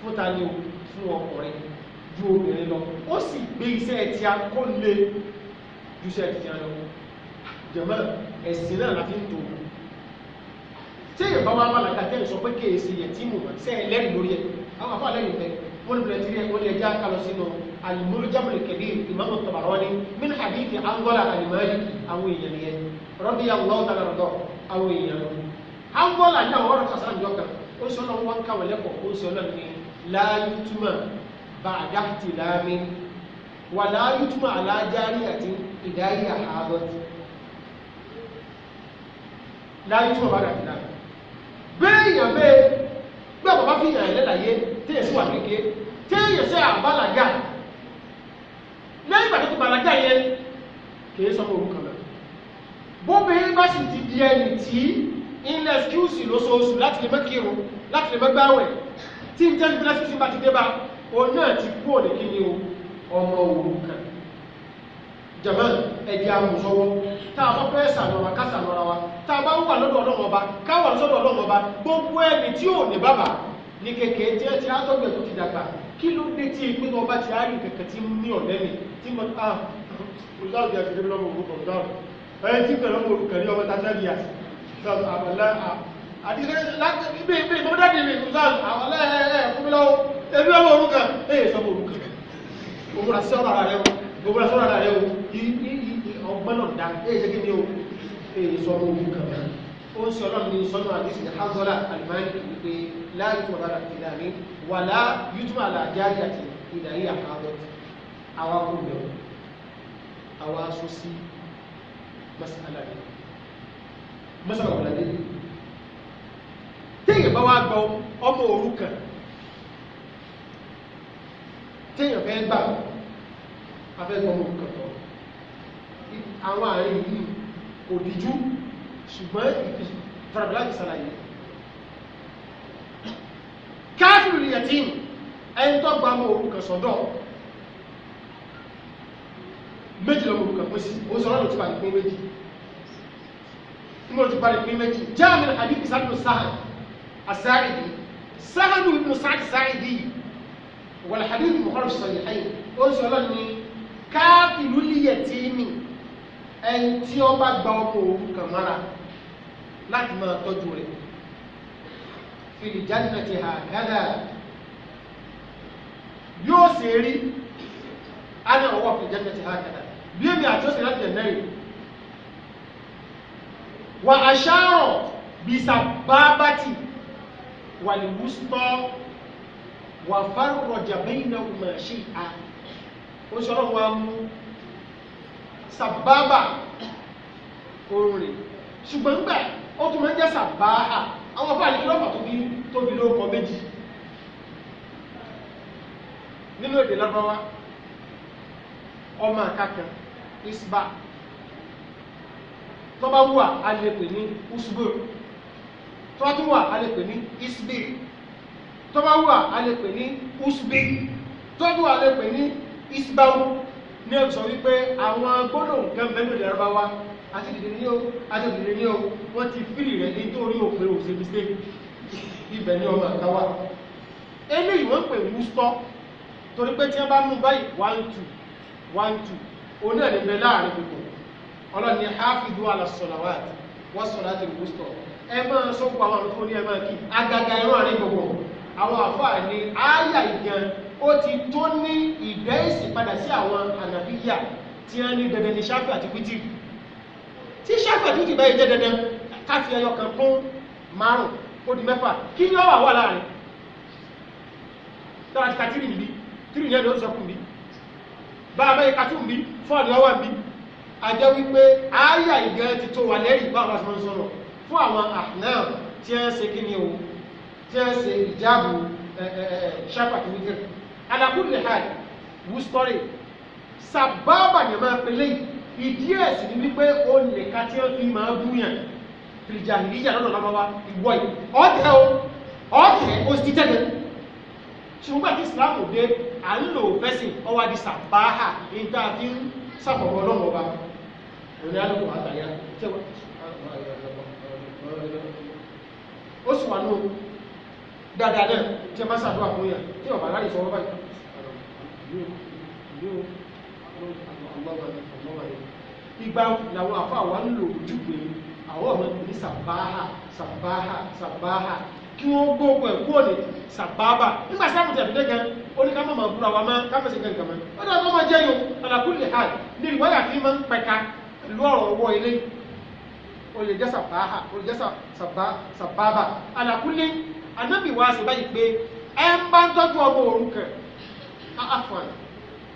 fún ta ni o fún ọkùnrin ju obìnrin lọ ó sì gbé iṣẹ́ ti akọ́lé ju iṣẹ́ ti jẹun lọ jẹ̀mọ́ ẹ̀sìn náà la fi ń tò ó tí èèyàn bá wà wà lákàtẹ́ ìsọ pé kéèsì yẹn tí mo mọ̀ sẹ́yìn lẹ́rìí lórí ẹ̀ àwọn afọ wọ́n lè tiri ẹ̀ wọ́n lè já kalọ̀ sínú al-Mu'jam al-Kabir Imam Tabarani min hadithi angola al-Maliki àwọn èèyàn yẹn radiyallahu ta'ala rọ̀dọ̀ àwọn èèyàn lọ. angola ní àwọn ọ̀rọ̀ sàṣà ìjọ kan ó sọ lọ́wọ́ wọn kàwé lẹ́kọ̀ọ́ ó sọ lọ́wọ́ ní la yutma ba'da ihtilami wa la yutma ala jariyatin idha hiya hadat la yutma bẹ́ẹ̀ yàn bẹ́ẹ̀ gbẹ́ téèyàn sì wà kékeré téèyàn sì àbálàgà lẹ́yìn ìgbà tó ti bàlágà yẹn kì í sọmọ orúkọ rẹ̀ bóbìnrin bá sì ti di ẹni tí ilẹ̀ skiusi lóṣooṣù láti lè mẹ́kìrún láti lè mẹ́gbàwẹ̀ tí n jẹ́ni bílẹ̀ skiusi bá ti dé bá òun náà kú òní kí ni o ọmọ òrukàn jama ẹ̀jẹ̀ amùsọ́wọ́ tá a sọ pé sànọ́ra ká sànọ́ra wa tá a bá ń wà lọ́dọ̀ ọlọ́mọba ká wà lọ́dọ̀ ọlọ́mọba gbogbo ẹni tí ò ní bàbá ní kékeré tí ẹ ti átọ́gbẹ̀ tó ti dàgbà kí ló dé tí ìpínlẹ̀ ọba ti àárín kẹ̀kẹ́ tí ní ọ̀lẹ́ mi tí mo ta ọ̀dáàbí àti ìdílé ọmọ ògùn ọ̀dáàbí ẹni tí pẹ̀lú ọmọ ògùn kẹ̀lé ọmọ tàbí àbíyà àbàlá àti ibi ibi ìmọ̀dáàbí mi ọ̀dáàbí àbàlá ẹ̀ fúnmilọ́wọ́ ẹbí ọmọ ògùn kan ẹ̀ ẹ̀ sọmọ ògùn kan ògùn àti sọ́ra rẹ̀ ògùn àti sọ́ra rẹ̀ ọgbọ́n náà dá ẹ̀ ṣe kí ni ó ẹ̀ sọmọ ògùn kan ó ń sọ ọlọ́run ní sọ́nà àdísì hazọ́lá alimani wípé láàyè tó rárá ìlà mi wà lá yútúmọ̀ àlàjáde àti ìdàrí àkàwọ̀ àwa kò bẹ̀rù àwa aṣọ sí masala mi masala wà ládé téèyàn bá ọmọ òrukàn ṣùgbọ́n tàbíláàkì sàlàyé káàfìrì lìyàtín ẹni tó gba ọmọ orúkọ sọ́dọ̀ méjì lọ́mọ orúkọ pín sí ó sọ́rọ̀ lọ́tí parí pín méjì nígbà lọ́tí parí pín méjì jáàmì àdìbì sáàdù sáà àsáàdì sáàdù nínú sáàdì sáàdì wal hadith ẹni tí ó bá gba ọmọ orúkọ mọ́ra láti máa tọ́jú rẹ̀ fìlì jannati hàgádà yóò ṣe rí ana ọwọ́ fìlì jannati hàgádà bí èmi àti ọ̀sẹ̀ láti jẹ̀ mẹ́rin wà àṣàrọ̀ bisababati wàlúwùsọ wà fárọjà bẹ́yìnà ọmọọṣẹ́ à ó sọ̀rọ̀ wa mú sababa orin ṣùgbọ́n gbà ó tún máa ń jẹ́sà bá a àwọn fáàlì kílọ́fà tóbi tóbi lórúkọ méjì nínú èdè lọ́gbọ́nwá ọmọ àkàkàn isba tó bá wà a lè pè ní usbu tó bá tún wà a lè pè ní isbi tó bá wà a lè pè ní usbi tó bá wà a lè pè ní isbawu ní ọ̀sán wípé àwọn gbọ́dọ̀ nǹkan mẹ́lòdì lọ́gbọ́nwá àti dìde ní o àti dìde ní o wọ́n ti fílì rẹ̀ nítorí òpin òsè mistake ibẹ̀ ní ọmọ àtàwà eléyìí wọ́n pè wústọ́ torí pé tí wọ́n bá mú báyìí one two one two òun náà níbẹ̀ láàrin gbogbo ọlọ́run ní hafidu alasọ̀làwàt wọ́n sọ̀rọ̀ láti wústọ́ ẹ máa sọ gbogbo àwọn àrùn tó ní ẹ máa kí agaga ẹran àárín gbogbo àwọn àfáà ní ááyà ìgan ó ti tó ní ìgbẹ́ ìsìn padà sí àwọn ànàbíyà tí wọ́n ní bẹ̀bẹ̀ ní sáfì àti wítìrì tí ṣàfẹ̀dú ti bẹ́ẹ̀ jẹ́ dandan káfí ẹyọ kan fún márùn ó di mẹ́fà kí ni ọ̀wà wà láàrin tọ́ra ti ka tírì nìbí tírì ní ẹni ó sọkùn bí bá a bẹ́ẹ̀ ka tún bí fọ́ọ̀nù ọwà bí a jẹ́ wípé àáyà ìgbẹ́ ti tó wà lẹ́yìn bá wọn fọ́n sọ̀rọ̀ fún àwọn àhnáà tí ẹ ń ṣe kí ni o tí ẹ ń ṣe ìjáàbù ṣàfàkì wíjẹ́ alákùnrin hàn wù sọ́rì sàbábà ni máa pe ìdí ẹ̀ sì ni wípé ó lè ká tí ó fi máa búyàn ìjà ìdíjà lọ́nà lọ́mọ wa ìwọ yìí ọ̀tẹ̀ o ọ̀tẹ̀ o sì tẹ́lẹ̀ ṣùgbọ́n àti Islam dé à ń lò fẹ́sìn ọwọ́ di sàbáhà ní tá a fi ń sàkọ̀kọ̀ ọlọ́mọ wa òní àlọ́kọ̀ àtàyà tẹ́wọ́ o sì wà ní o dáadáa náà tí a bá ṣàdúrà fún yà tí ọ̀bà láyé sọ wọ́n báyìí ìgbà làwọn àfa wa ń lò ojúgbé àwọn ọmọ ní sàbáhà sàbáhà sàbáhà kí wọ́n gbógun ẹ̀ kúrò ní sàbábà nígbà sáà mo tẹ̀lé gan ó ní ká má máa búra wa má ká má ṣe kankan mọ́ ó dàgbà máa jẹ́ yòó àlàkùnrin hàn ní ìwáyà fi máa ń pẹ̀ka ìlú ọ̀rọ̀ ọwọ́ ilé ó lè jẹ́ sàbáhà ó lè jẹ́ sàbábà àlàkùnrin anábìwá ṣe báyìí pé ẹ ń bá ń tọ́jú ọmọ òrukàn áfọ̀n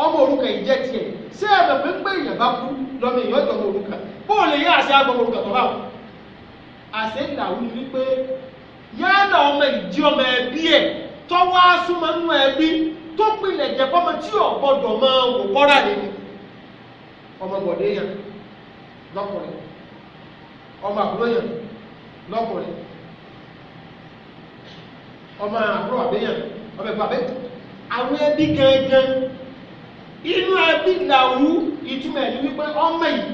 ọmọ òrukàn yìí jẹ́ tiẹ̀ ṣé ẹ̀rọ pé pé èèyàn bá kú lọ́mọ èèyàn tọ́ ọmọ òrukàn bóun lè yá àṣẹ àgbọ̀ ọmọ òrukàn tó bá wù. àṣẹ ìdààmú ni wípé yálà ọmọ ìdí ọmọ ẹbí ẹ̀ tọ́wọ́ súnmọ́ nínú ẹbí tó pinlẹ̀ jẹ́ pọ́mọ tí ò gbọ́dọ̀ máa wò kọ́ra lé ọmọ bọ̀dé yàn lọ́kùnrin ọmọ àbúrò yàn lọ́kùnrin ọmọ àbúrò àbẹ́yàn ọmọ ẹ̀gbọ́n àbẹ́ àwọn ẹbí gangan inú ẹbí làwú ìtumọ̀ ẹni wípé ọmọ yìí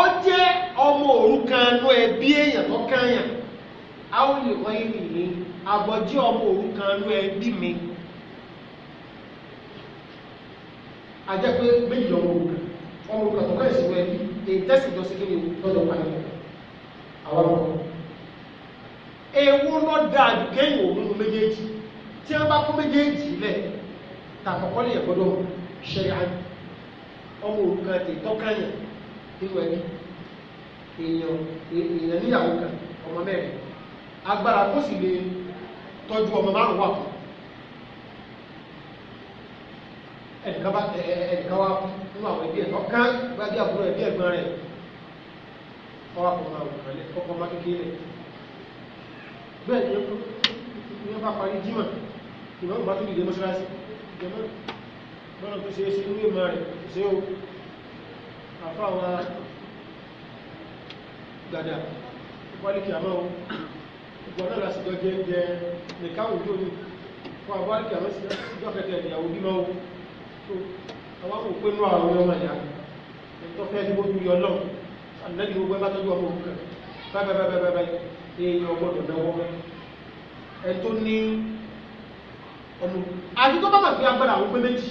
ọ jẹ́ ọmọ òrukàn nú ẹbí èèyàn tó kányàn àwọn olùkọ́ yìí nìyí àbọ̀jí ọmọ òrukàn nú ẹbí mi ajẹ́ méjì ọmọ òrukàn ọmọ òrukàn tó kọ́ ìṣòro ẹbí èyí tẹ́sí ìjọsí kí ni ewu lọ da ju kéyìn òun méjèèjì tí wọ́n bá kó méjèèjì lẹ̀ tàkọ́kọ́ lè yẹ gbọ́dọ̀ ṣẹ́yà ọmọ òrùka ti tọ́kàyàn nínú ẹni èèyàn èèyàn níyàwó kan ọmọ mẹ́rin agbára kó sì lè tọ́jú ọmọ márùn wà fún ẹnìkan wá nínú àwọn ẹbí ẹ̀ lọ́kàn gbájú àbúrò ẹbí ẹ̀gbọ́n rẹ̀ ọwọ́ àpọ̀mọ́ àwòrán lẹ́ ọkọ̀ ọmọ kékeré bẹ́ẹ̀ ni ó bá parí jímọ̀ ìmọ̀ ìmọ̀ tó dìde mọ́ṣáláṣí ìjọba lọ́nà tó ṣe é sí ní ìmọ̀ rẹ̀ ṣe ó àfáwọn gàdà wálìkì àmọ́ ìgbà náà lásìkò jẹ́ jẹ́ nìkáwùn tó ní fún àwálìkì àmọ́ síjọ́ kẹtẹ̀ ìyàwó bímọ o tó àwọn kò pé nú àwọn ọmọ ìyá tó fẹ́ ní bójú rí ọlọ́run ànẹ́bí gbogbo ẹ bá tọ́jú ọmọ òkú bábẹ́bẹ́bẹ́bẹ́ èèyàn gbọ́dọ̀ náwó ẹ tó ní ọmọ àti tó bá bàbá agbára àwọn pé méjì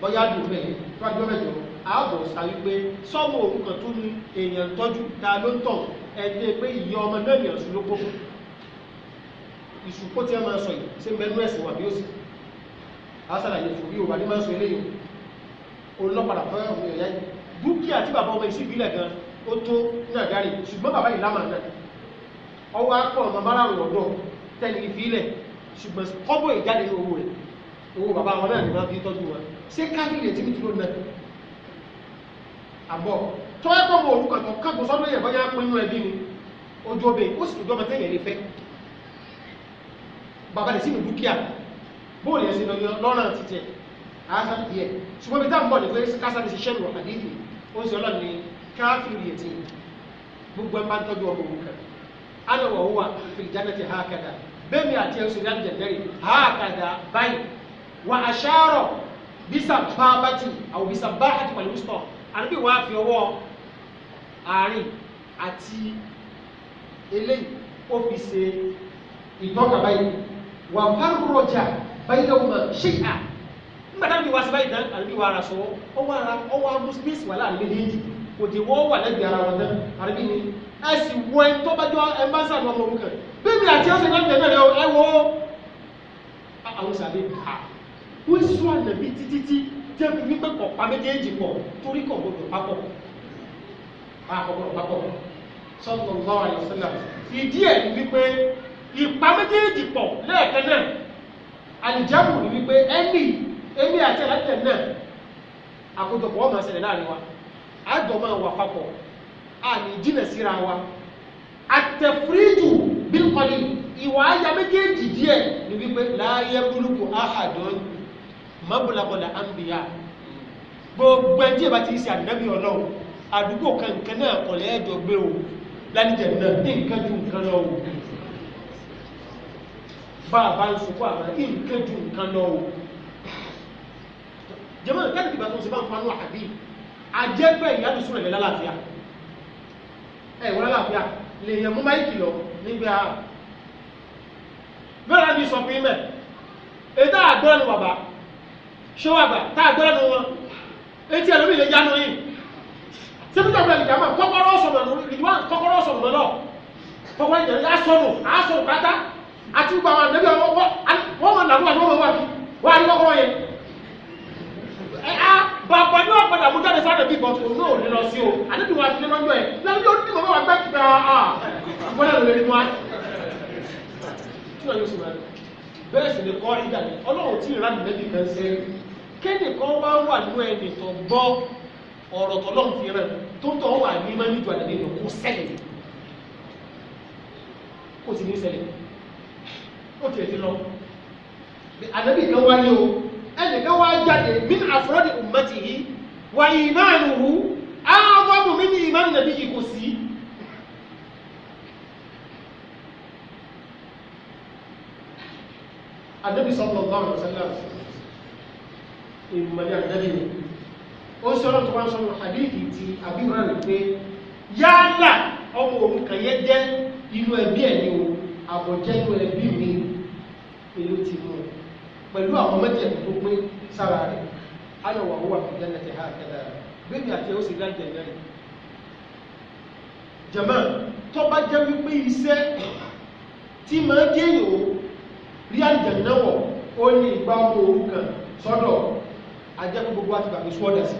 bọ́yá dùn mẹ́lẹ̀ fájọ́ mẹ́jọ ààbọ̀ sá wípé sọ́mọ òun kan tún ní èèyàn tọ́jú ta ló ń tọ̀ ẹ̀dẹ́ pé ìyá ọmọ náà ní ọ̀sùn ló kó fún ìṣùkó tí a máa sọ yìí ṣe mẹ́nu ẹ̀sìn wà bí ó sì àṣàlàyé fún bí òbá ní máa sọ eléyìí olọ́pàá fún ọmọ ìyá yìí dúkìá tí bàbá ọmọ ìsìnbílẹ̀ gan ó tó ní àgárí ṣùgbọ́n bàbá yìí lámà náà ọwọ́ akọ ọmọ márùn ọ̀dọ́ tẹ́lẹ̀ ìfilẹ̀ ṣùgbọ́n kọ́bọ̀ ìjáde owó rẹ̀ owó bàbá wọn náà ní máa fi tọ́jú wọn ṣé káàkiri ètí ìdúró náà àbọ̀ tó ẹ kọ́ mọ orúkọ tó kágbó sọ́dọ̀ yẹ̀ bọ́yá pinnu ẹbí ni ojú ọbẹ̀ ó sì dọ́mọ tẹ́yẹ̀ lè fẹ́ bàbá rẹ̀ sínú dúkìá bóòlù ẹ̀sìn lọ́rùn àti tiẹ̀ àásà díẹ̀ ṣùgbọ́n bí táwọn bọ̀ ní pé kásá ti ṣiṣẹ́ lọ àdéhìí ó sì ọlọ́run ní káàkiri ètí gbogbo ẹ̀ máa ń tọ́jú ọmọ òun kan ana wa huwa fil jannati hakada bẹ́ẹ̀ ni àti ẹ̀sùn ní àjẹ̀dẹ́rì hakada báyìí wa asharo bisababati àwọn bisabahati pẹ̀lú stọ̀ àdúgbò wa fi ọwọ́ àárín àti eléyìí ó fi ṣe ìtọ́ka báyìí wà fárúrọ̀jà báyìí lọ́wọ́ mọ̀ ṣé à nígbàdá mi wá sí báyìí dán àdúgbò wa ara sọ ọ wá ara ọ wá mú space wà láàrin méjèèjì kò dé wọ́n wà lẹ́gbẹ̀ẹ́ ara wọn dán àdúgbò ni ẹ sì wọ ẹ tó bá jọ ẹ bá sàánú ọmọ òun kan bíbí àti ọ̀sẹ̀ náà tẹ̀lé ẹ wọ àwọn sàlẹ̀ wọ́n sún ànàbí títí jẹ́ wípé kọ̀ pa méjèèjì pọ̀ torí kọ̀ gbọdọ̀ papọ̀ àkọ́kọ́ papọ̀ sallallahu alaihi wasallam ìdí ẹ̀ ni wípé ìpa méjèèjì pọ̀ lẹ́ẹ̀kan náà àlìjáàmù ni wípé ẹni èmi àti ẹ̀lẹ́tẹ̀ náà àkójọpọ̀ wọ́n máa ṣẹlẹ̀ láàrin wa àjọ máa wà papọ̀ àmì ìjìnà síra wa àtẹ̀fúríjù bí nkọ́ni ìwà ayá méjèèjì díẹ̀ ni wípé láyé búrúkú áhàdùn mabulagola anbiya gbogbo ẹni tí ẹ bá ti ṣe ànábì ọlọ́run àdúgbò kankan náà kọ̀lẹ́ ẹ̀jọ̀ gbé o lálẹ́jẹ̀ náà ní nǹkan ju nǹkan lọ o bá a bá ń sunkún àmà ní nǹkan ju nǹkan lọ o jẹ́mọ́ nǹkan ìgbà tó ń ṣe bá ń fanú àbí ajẹ́gbẹ́ ìyá lùsùn rẹ̀ lálàáfíà ẹ̀ wọ́n lálàáfíà lè yẹ mú máìkì lọ nígbà mẹ́rin ni sọ fún yín mẹ́ ètò ni bàbá ṣọwọ́ àgbà tá a gbọ́dọ̀ nù wọn etí ẹ̀ lómi lè yá nù yín sẹ́mítà bẹ̀rẹ̀ lè jàmà kọ́kọ́rọ́ sọ̀mọ̀ ìdíwà kọ́kọ́rọ́ sọ̀mọ̀ lọ kọ́kọ́rọ́ ìjẹ̀rẹ̀ asọ̀nù asọ̀nù kátá àti gbogbo àwọn àdébí ọwọ́ wọ́n mọ̀ nàlú àwọn ọmọ wa bí wọ́n á rí kọ́kọ́rọ́ a bàbá ní wọn padà mú jáde sáré bí bọ́tò ní òní lọ sí o àdébí wọn àfihàn lọ́jọ́ ẹ̀ lẹ́yìn ó ní mọ̀ wá gbẹ́kìtà ah ìbọn bẹ́ẹ̀ sì ni kọ́ ìdàlẹ̀ ọlọ́run tí ìran nìlẹ́bì kan ṣe kéde kan wá wà nínú ẹni tó gbọ́ ọ̀rọ̀ tọ́lọ́run fi rẹ̀ tó ń tọ́ wà ní mọ́ nídùú àdàlẹ́ ìlú kó ṣẹlẹ̀ kó sì ní ṣẹlẹ̀ ó tiẹ̀ ti lọ àdàbí kan wá ní o ẹnì kan wá jáde min afradi ummatihi wa imanuhu àwọn ọmọ mi ní ìmọ̀ nàbí yìí kò sí ànábì sallallahu alaihi wasallam ìmọ̀lẹ́ ànábì ni ó sì ọlọ́run tó wá sọ́nà àdéhìkì ti àbíwọ̀n rẹ̀ pé yálà ọmọ òun kàn yẹ jẹ́ inú ẹbí ẹ̀ ni o àbọ̀jẹ́ inú ẹbí mi ìlú ti mú pẹ̀lú àwọn mẹ́jẹ̀ tó pé sára rẹ̀ ayọ̀wà owó àfijẹ́ náà ti há rí àjẹ̀nà wọ̀ ó ní ìgbà ọmọ òrukàn sọ́dọ̀ ajẹ́kù gbogbo àti gbàgbé sọ́dà sí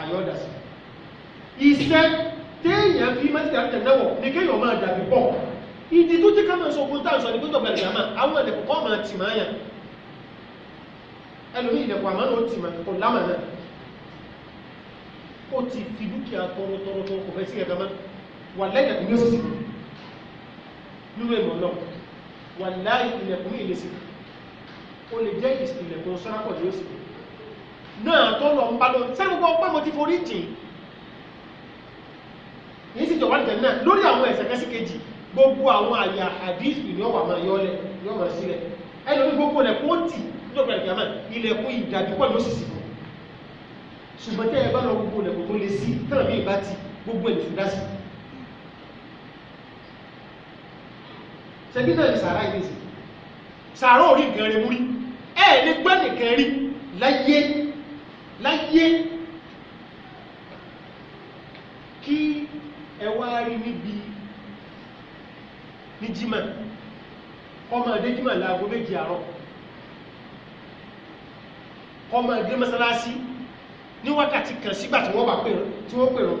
àyọ́dà sí iṣẹ́ téèyàn fi mẹ́sì àjẹ̀nà wọ̀ ní kéèyàn máa dàbí pọ̀ ìdí tó jẹ́ ká máa sọ ogun táàsọ ní gbọ́dọ̀ gbàgbé àmà àwọn ẹ̀dẹ̀kọ̀ kọ́ máa tì máa yàn ẹlòmí ìdẹ̀kọ̀ àmà náà tì máa kọ̀ lámà náà ó ti fi dúkìá tọrọtọrọtọrọ kò fẹ́ sí ẹ̀dá máa wà lẹ́yìn àkùnrin ó sì nínú ìmọ̀ náà wà láì ilẹ̀kùn ìlẹ́sì ó lè jẹ́ ìsìnlẹ̀kùn sọ́rápọ̀ yóò sì náà tó lọ ń bá lọ sẹ́gbogbo ọpẹ́ mo ti forí jìn yìí sì jọ̀wọ́ nìkan náà lórí àwọn ẹ̀sẹ̀ kẹsí kejì gbogbo àwọn àyà àdìsù ni ọwà máa yọlẹ̀ yọ máa sílẹ̀ ẹni omi gbogbo ilẹ̀kùn ó tì níjọba ìgbàmọ̀ ilẹ̀kùn ìdàbí pọ̀ yóò sì sì fún ṣùgbọ́n tẹ́ ẹ bá lọ gbogbo ilẹ̀kùn tó le sí tẹ́lẹ̀ mi ì bá ti gbogbo ẹ̀ ṣebí náà ni sàárà yìí nìsí sàárà orí nǹkan rẹ̀ múrí ẹ̀ ní gbẹ́ nìkan rí láyé láyé kí ẹ wá rí níbi ní jimá ọmọ adé jimá láago méjì àárọ̀ ọmọ adé mọ́sálásí ní wákàtí kan sígbà tí wọ́n bá pè rán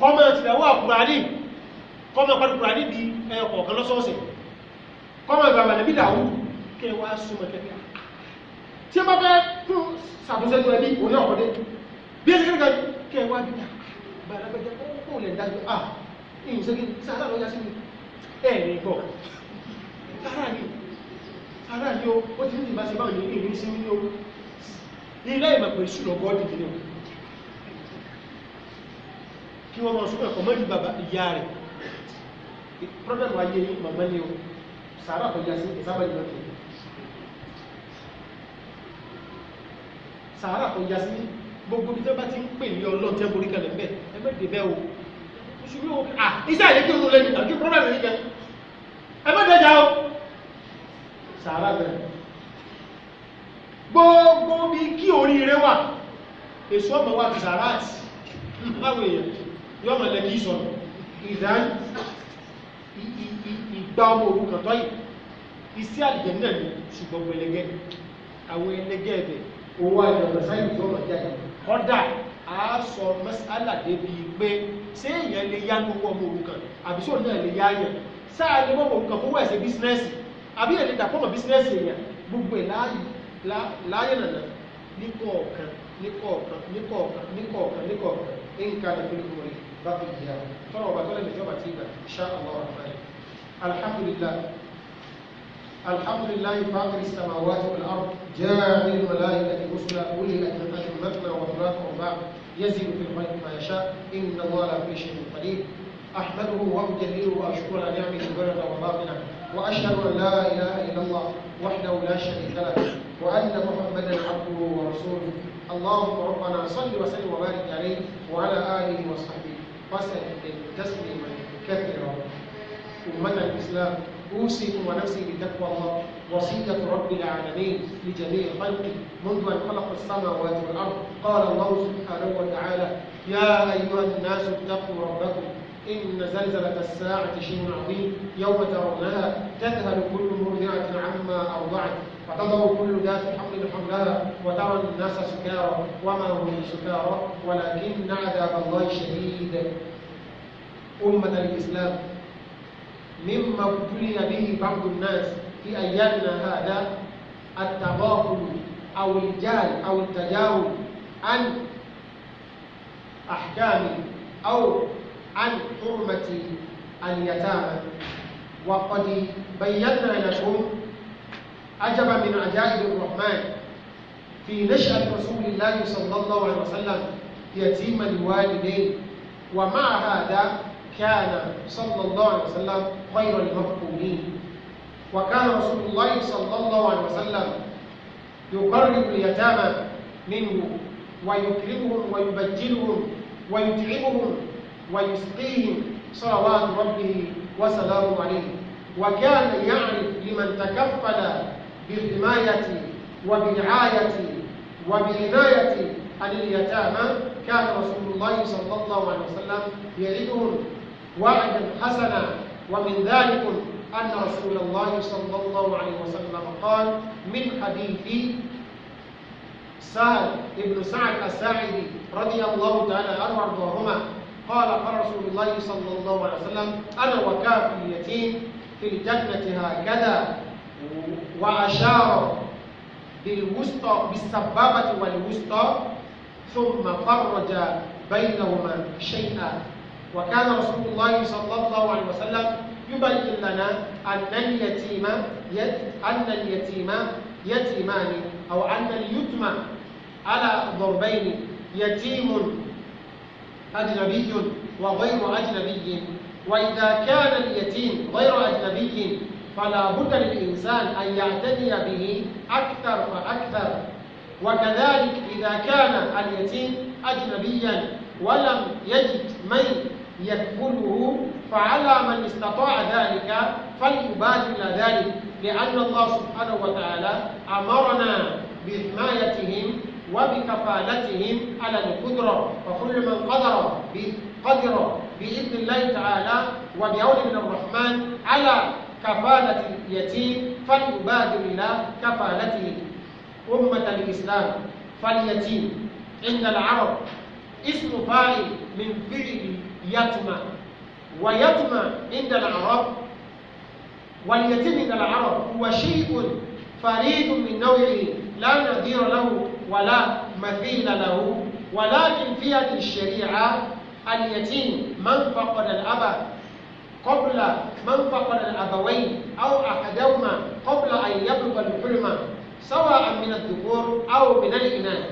kọ́mọ̀ tìlẹ̀wọ́ àkùrà kọ́mọ̀ pẹ̀lú kùrà níbi ẹ̀kọ̀ ọ̀kan lọ́sọ̀ọ̀sẹ̀ kọ́mọ̀ ìbàbà nàbí dàwú kẹ́ wá súnmọ̀ kẹ́kẹ́ tí a bá fẹ́ fún sàtúnṣe tó ẹbí òun náà kọ́ dé bí ẹsẹ̀ kẹ́kẹ́ kẹ́ wá bí bàdàbẹ̀jẹ̀ kó lè dájú à ah, ìyìn sẹ́kì sára lọ́jà sí mi ẹ̀ ní bọ̀ sára ni sára ni ó ó ti ní ìbáṣe báwọn ní ìlú sí ní ó ní ilé ìmọ̀ pẹ̀lú ìṣúná gọ́ọ̀dì kí wọ́n máa súnmọ̀ ẹ̀kọ́ mọ́ ìyá rẹ̀ problem ayé yìí màmá ni o sàrà tó yasi ìsábà yìí lọ́kẹ́ sàrà tó yasi gbogbo bí tẹ́ bá ti ń pè ní ọlọ́run tẹ́ borí kalẹ̀ bẹ́ẹ̀ ẹ bẹ́ẹ̀ dé bẹ́ẹ̀ o ṣùgbọ́n o à iṣẹ́ àyè kí o tó lẹ́nu àti problem yìí gan ẹ bẹ́ẹ̀ dẹ́jà o sàrà bẹ́ẹ̀ gbogbo bí kí oríire wà èso ọmọ wa ti sàrà àti <laughs> báwo èèyàn yọmọ lẹ kì í ìgbà ọmọ òrukàn tọ́yì iṣẹ́ àdìjẹ́ náà ni ṣùgbọ́n pẹlẹgẹ́ àwọn ẹlẹgẹ́ ẹ̀bẹ̀ owó àìlọ́gbọ̀n sáyẹn tó rọ̀ jáde kọ́dà á sọ mẹ́sàlá débi pé ṣé èèyàn lè yá ní owó ọmọ òrukàn àbí sóò náà lè yá yẹn sáà ní ọmọ òrukàn fowó ẹ̀sẹ̀ bísínẹ́sì àbí èlé dàpọ̀mọ̀ bísínẹ́sì èèyàn gbogbo ẹ̀ láàyè nànà ní kọ̀ọ̀kan ní kọ̀ọ̀kan ní kọ̀ọ̀kan ní kọ̀ọ̀kan ní kọ̀ọ̀kan nǹkan àti ìkórè الحمد لله الحمد لله فاطر السماوات والارض جاء الملائكه رسلا اولي الالباب مثنى وثلاث ورباع يزيد في الملك ما يشاء ان الله على في شيء قدير احمده وامتهله واشكر نعمه البرد وباطنه واشهد ان لا اله الا الله وحده لا شريك له وان محمدا عبده ورسوله اللهم ربنا صل وسلم وبارك عليه وعلى اله وصحبه وسعت تسليما كثيرا أمة الإسلام أوصيكم ونفسي بتقوى الله وصية رب العالمين لجميع خلقه منذ أن خلق السماوات والأرض قال الله سبحانه وتعالى يا أيها الناس اتقوا ربكم إن زلزلة الساعة شيء عظيم يوم ترونها تذهل كل مرضعة عما أرضعت وتضع كل ذات حمل حملها وترى الناس سكارى وما هم سكارى ولكن عذاب الله شديد أمة الإسلام مما ابتلي به بعض الناس في أيامنا هذا التغافل أو الجهل أو التجاهل عن أحكام أو عن حرمة اليتامى وقد بينا لكم عجبا من عجائب الرحمن في نشأة رسول الله صلى الله عليه وسلم يتيم الوالدين ومع هذا كان صلى الله عليه وسلم خير المفقودين وكان رسول الله صلى الله عليه وسلم يقرب اليتامى منه ويكرمهم ويبجلهم ويتعبهم ويسقيهم صلوات ربه وسلامه عليه وكان يعرف لمن تكفل بالحماية وبالعاية وبعناية عن اليتامى كان رسول الله صلى الله عليه وسلم يعدهم وعدا حسنا ومن ذلك أن رسول الله صلى الله عليه وسلم قال من حديث سهل بن سعد الساعدي رضي الله تعالى عنه وارضاهما قال قال رسول الله صلى الله عليه وسلم أنا وكاف اليتيم في الجنة هكذا وأشار بالوسطى بالسبابة والوسطى ثم فرج بينهما شيئا وكان رسول الله صلى الله عليه وسلم يبين لنا أن اليتيم أن اليتيم يتيمان أو أن اليتم على ضربين يتيم أجنبي وغير أجنبي وإذا كان اليتيم غير أجنبي فلا بد للإنسان أن يعتني به أكثر فأكثر وكذلك إذا كان اليتيم أجنبيا ولم يجد من يكفله فعلى من استطاع ذلك فليبادل ذلك لأن الله سبحانه وتعالى أمرنا بحمايتهم وبكفالتهم على القدرة وكل من قدر بقدر بإذن الله تعالى وبعون من الرحمن على كفالة اليتيم فليبادر إلى كفالته أمة الإسلام فاليتيم عند العرب اسم فاعل من فعل يتمى ويتمى عند العرب واليتيم عند العرب هو شيء فريد من نوعه لا نظير له ولا مثيل له ولكن في هذه الشريعة اليتيم من فقد الأب قبل من فقد الأبوين أو أحدهما قبل أن يبلغ الحلم سواء من الذكور أو من الإناث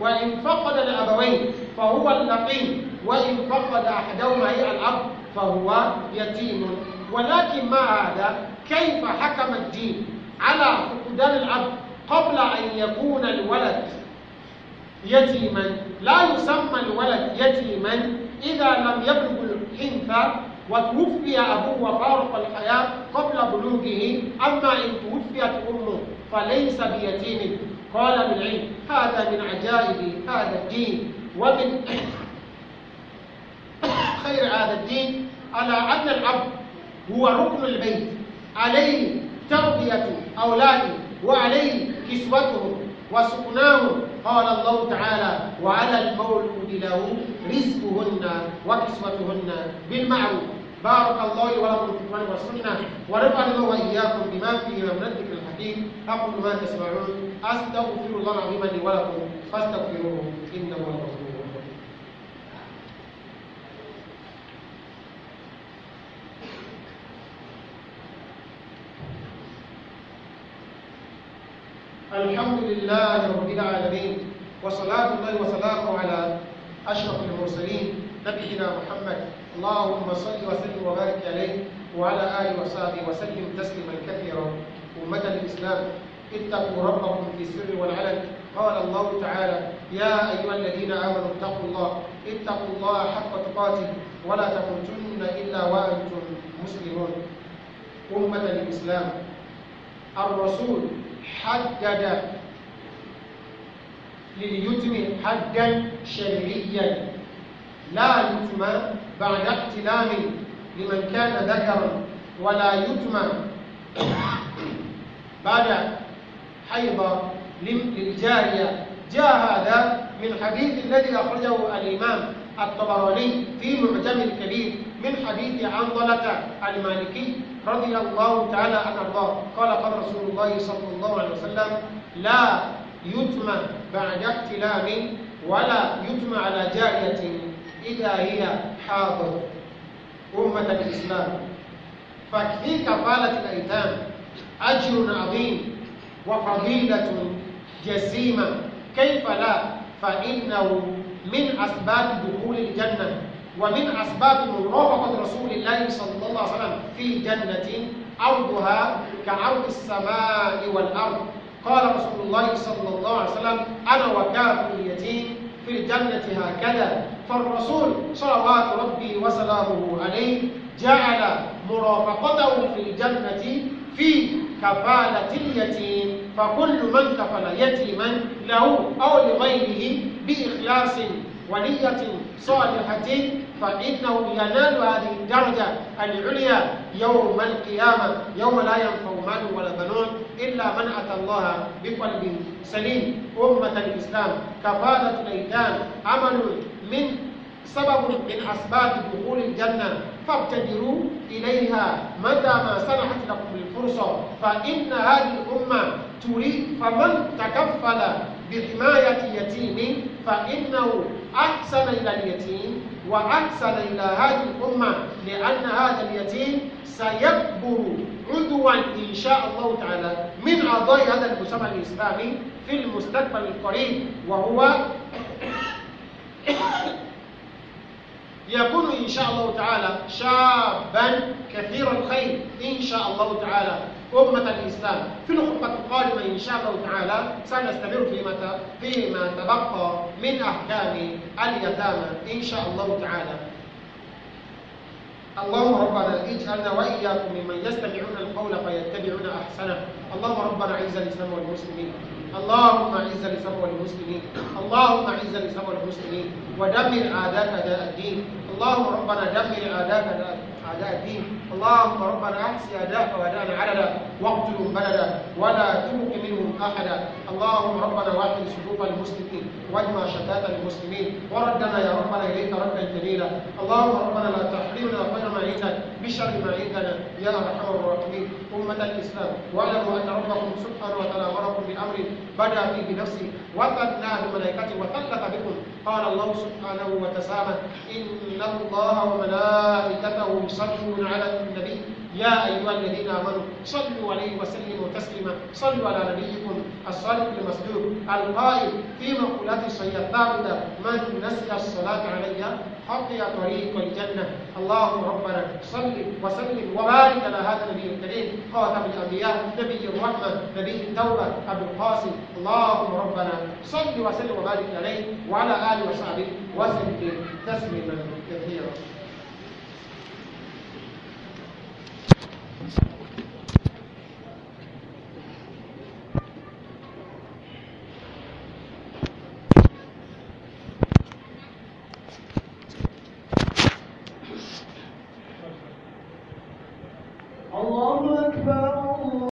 وإن فقد الأبوين فهو اللقيم وإن فقد أحدهما أي الأب فهو يتيم ولكن ما هذا كيف حكم الدين على فقدان الأب قبل أن يكون الولد يتيما لا يسمى الولد يتيما إذا لم يبلغ الإنثى وتوفي أبوه وفارق الحياة قبل بلوغه أما إن توفيت أمه فليس بيتيم قال ابن العلم هذا من عجائب هذا الدين ومن <coughs> خير هذا الدين على أن العبد هو ركن البيت عليه تربية أولاده وعليه كسوتهم وسقناه قال الله تعالى وعلى المولود له رزقهن وكسوتهن بالمعروف بارك الله ولكم في القرآن والسنة ونفعني الله وإياكم بما فيه من الذكر الحكيم أقول ما تسمعون أستغفر الله العظيم لي ولكم فاستغفروه إنه الحمد لله رب العالمين وصلاة الله وسلامه على أشرف المرسلين نبينا محمد اللهم صل وسلم وبارك عليه وعلى آله وصحبه وسلم تسليما كثيرا أمة الإسلام اتقوا ربكم في السر والعلن قال الله تعالى يا أيها الذين آمنوا اتقوا الله اتقوا الله حق تقاته ولا تموتن إلا وأنتم مسلمون أمة الإسلام الرسول حدد لليتم حدا شرعيا لا يتم بعد احتلام لمن كان ذكرا ولا يتم بعد حيض للجارية جاء هذا من حديث الذي أخرجه الإمام الطبراني في معجم الكبير من حديث عنضلة المالكي رضي الله تعالى عن أرضاه قال قال رسول الله صلى الله عليه وسلم لا يتم بعد احتلام ولا يتم على جارية إذا هي حاضر أمة الإسلام ففي كفالة الأيتام أجر عظيم وفضيلة جسيمة كيف لا فإنه من أسباب دخول الجنة ومن أسباب مرافقة رسول الله صلى الله عليه وسلم في جنة عرضها كعرض السماء والأرض قال رسول الله صلى الله عليه وسلم أنا وكافر اليتيم في الجنة هكذا فالرسول صلوات ربي وسلامه عليه جعل مرافقته في الجنة في كفالة اليتيم فكل من كفل يتيما له أو لغيره بإخلاص ونية صالحة فإنه ينال هذه الدرجة العليا يوم القيامة يوم لا ينفع مال ولا بنون إلا من أتى الله بقلب سليم أمة الإسلام كفالة الأيتام عمل من سبب من أسباب دخول الجنة فابتدروا إليها متى ما سنحت لكم الفرصة فإن هذه الأمة تريد فمن تكفل بحماية يتيم فإنه أحسن إلى اليتيم وأحسن إلى هذه الأمة لأن هذا اليتيم سيكبر عضوا إن شاء الله تعالى من أعضاء هذا المجتمع الإسلامي في المستقبل القريب وهو يكون إن شاء الله تعالى شابا كثير الخير إن شاء الله تعالى أمة الإسلام في الخطبة القادمة إن شاء الله تعالى سنستمر فيما فيما تبقى من أحكام اليتامى إن شاء الله تعالى اللهم ربنا اجعلنا واياكم ممن يستمعون القول فيتبعون احسنه، اللهم ربنا اعز الاسلام والمسلمين، اللهم اعز الاسلام والمسلمين، اللهم اعز الاسلام والمسلمين، ودمر اعداء الدين، اللهم ربنا دمر اعداء الدين أعداء الدين اللهم ربنا احصي أعداءك وأعداءنا عددا واقتلهم بلدا ولا تمك منهم أحدا اللهم ربنا وحد صفوف المسلمين واجمع شتات المسلمين وردنا يا ربنا إليك ردا جميلا اللهم ربنا لا تحرمنا خير ما عندك بشر ما عندنا يا أرحم الراحمين أمة الإسلام واعلموا أن ربكم سبحانه وتعالى أمركم بأمر بدأ فيه بنفسه وثنى بملائكته وثلث بكم قال الله سبحانه وتعالى إن الله وملائكته يصلون على النبي يا أيها الذين آمنوا صلوا عليه وسلموا تسليما صلوا على نبيكم الصادق المصدوق القائل في مقولات الصيد الثابتة من نسي الصلاة علي حقي طريق الجنة اللهم ربنا صل وسلم وبارك على هذا النبي الكريم خاتم الأنبياء نبي الرحمة نبي التوبة أبو القاسم اللهم ربنا صل وسلم وبارك عليه وعلى آله وصحبه وسلم تسليما كثيرا friends.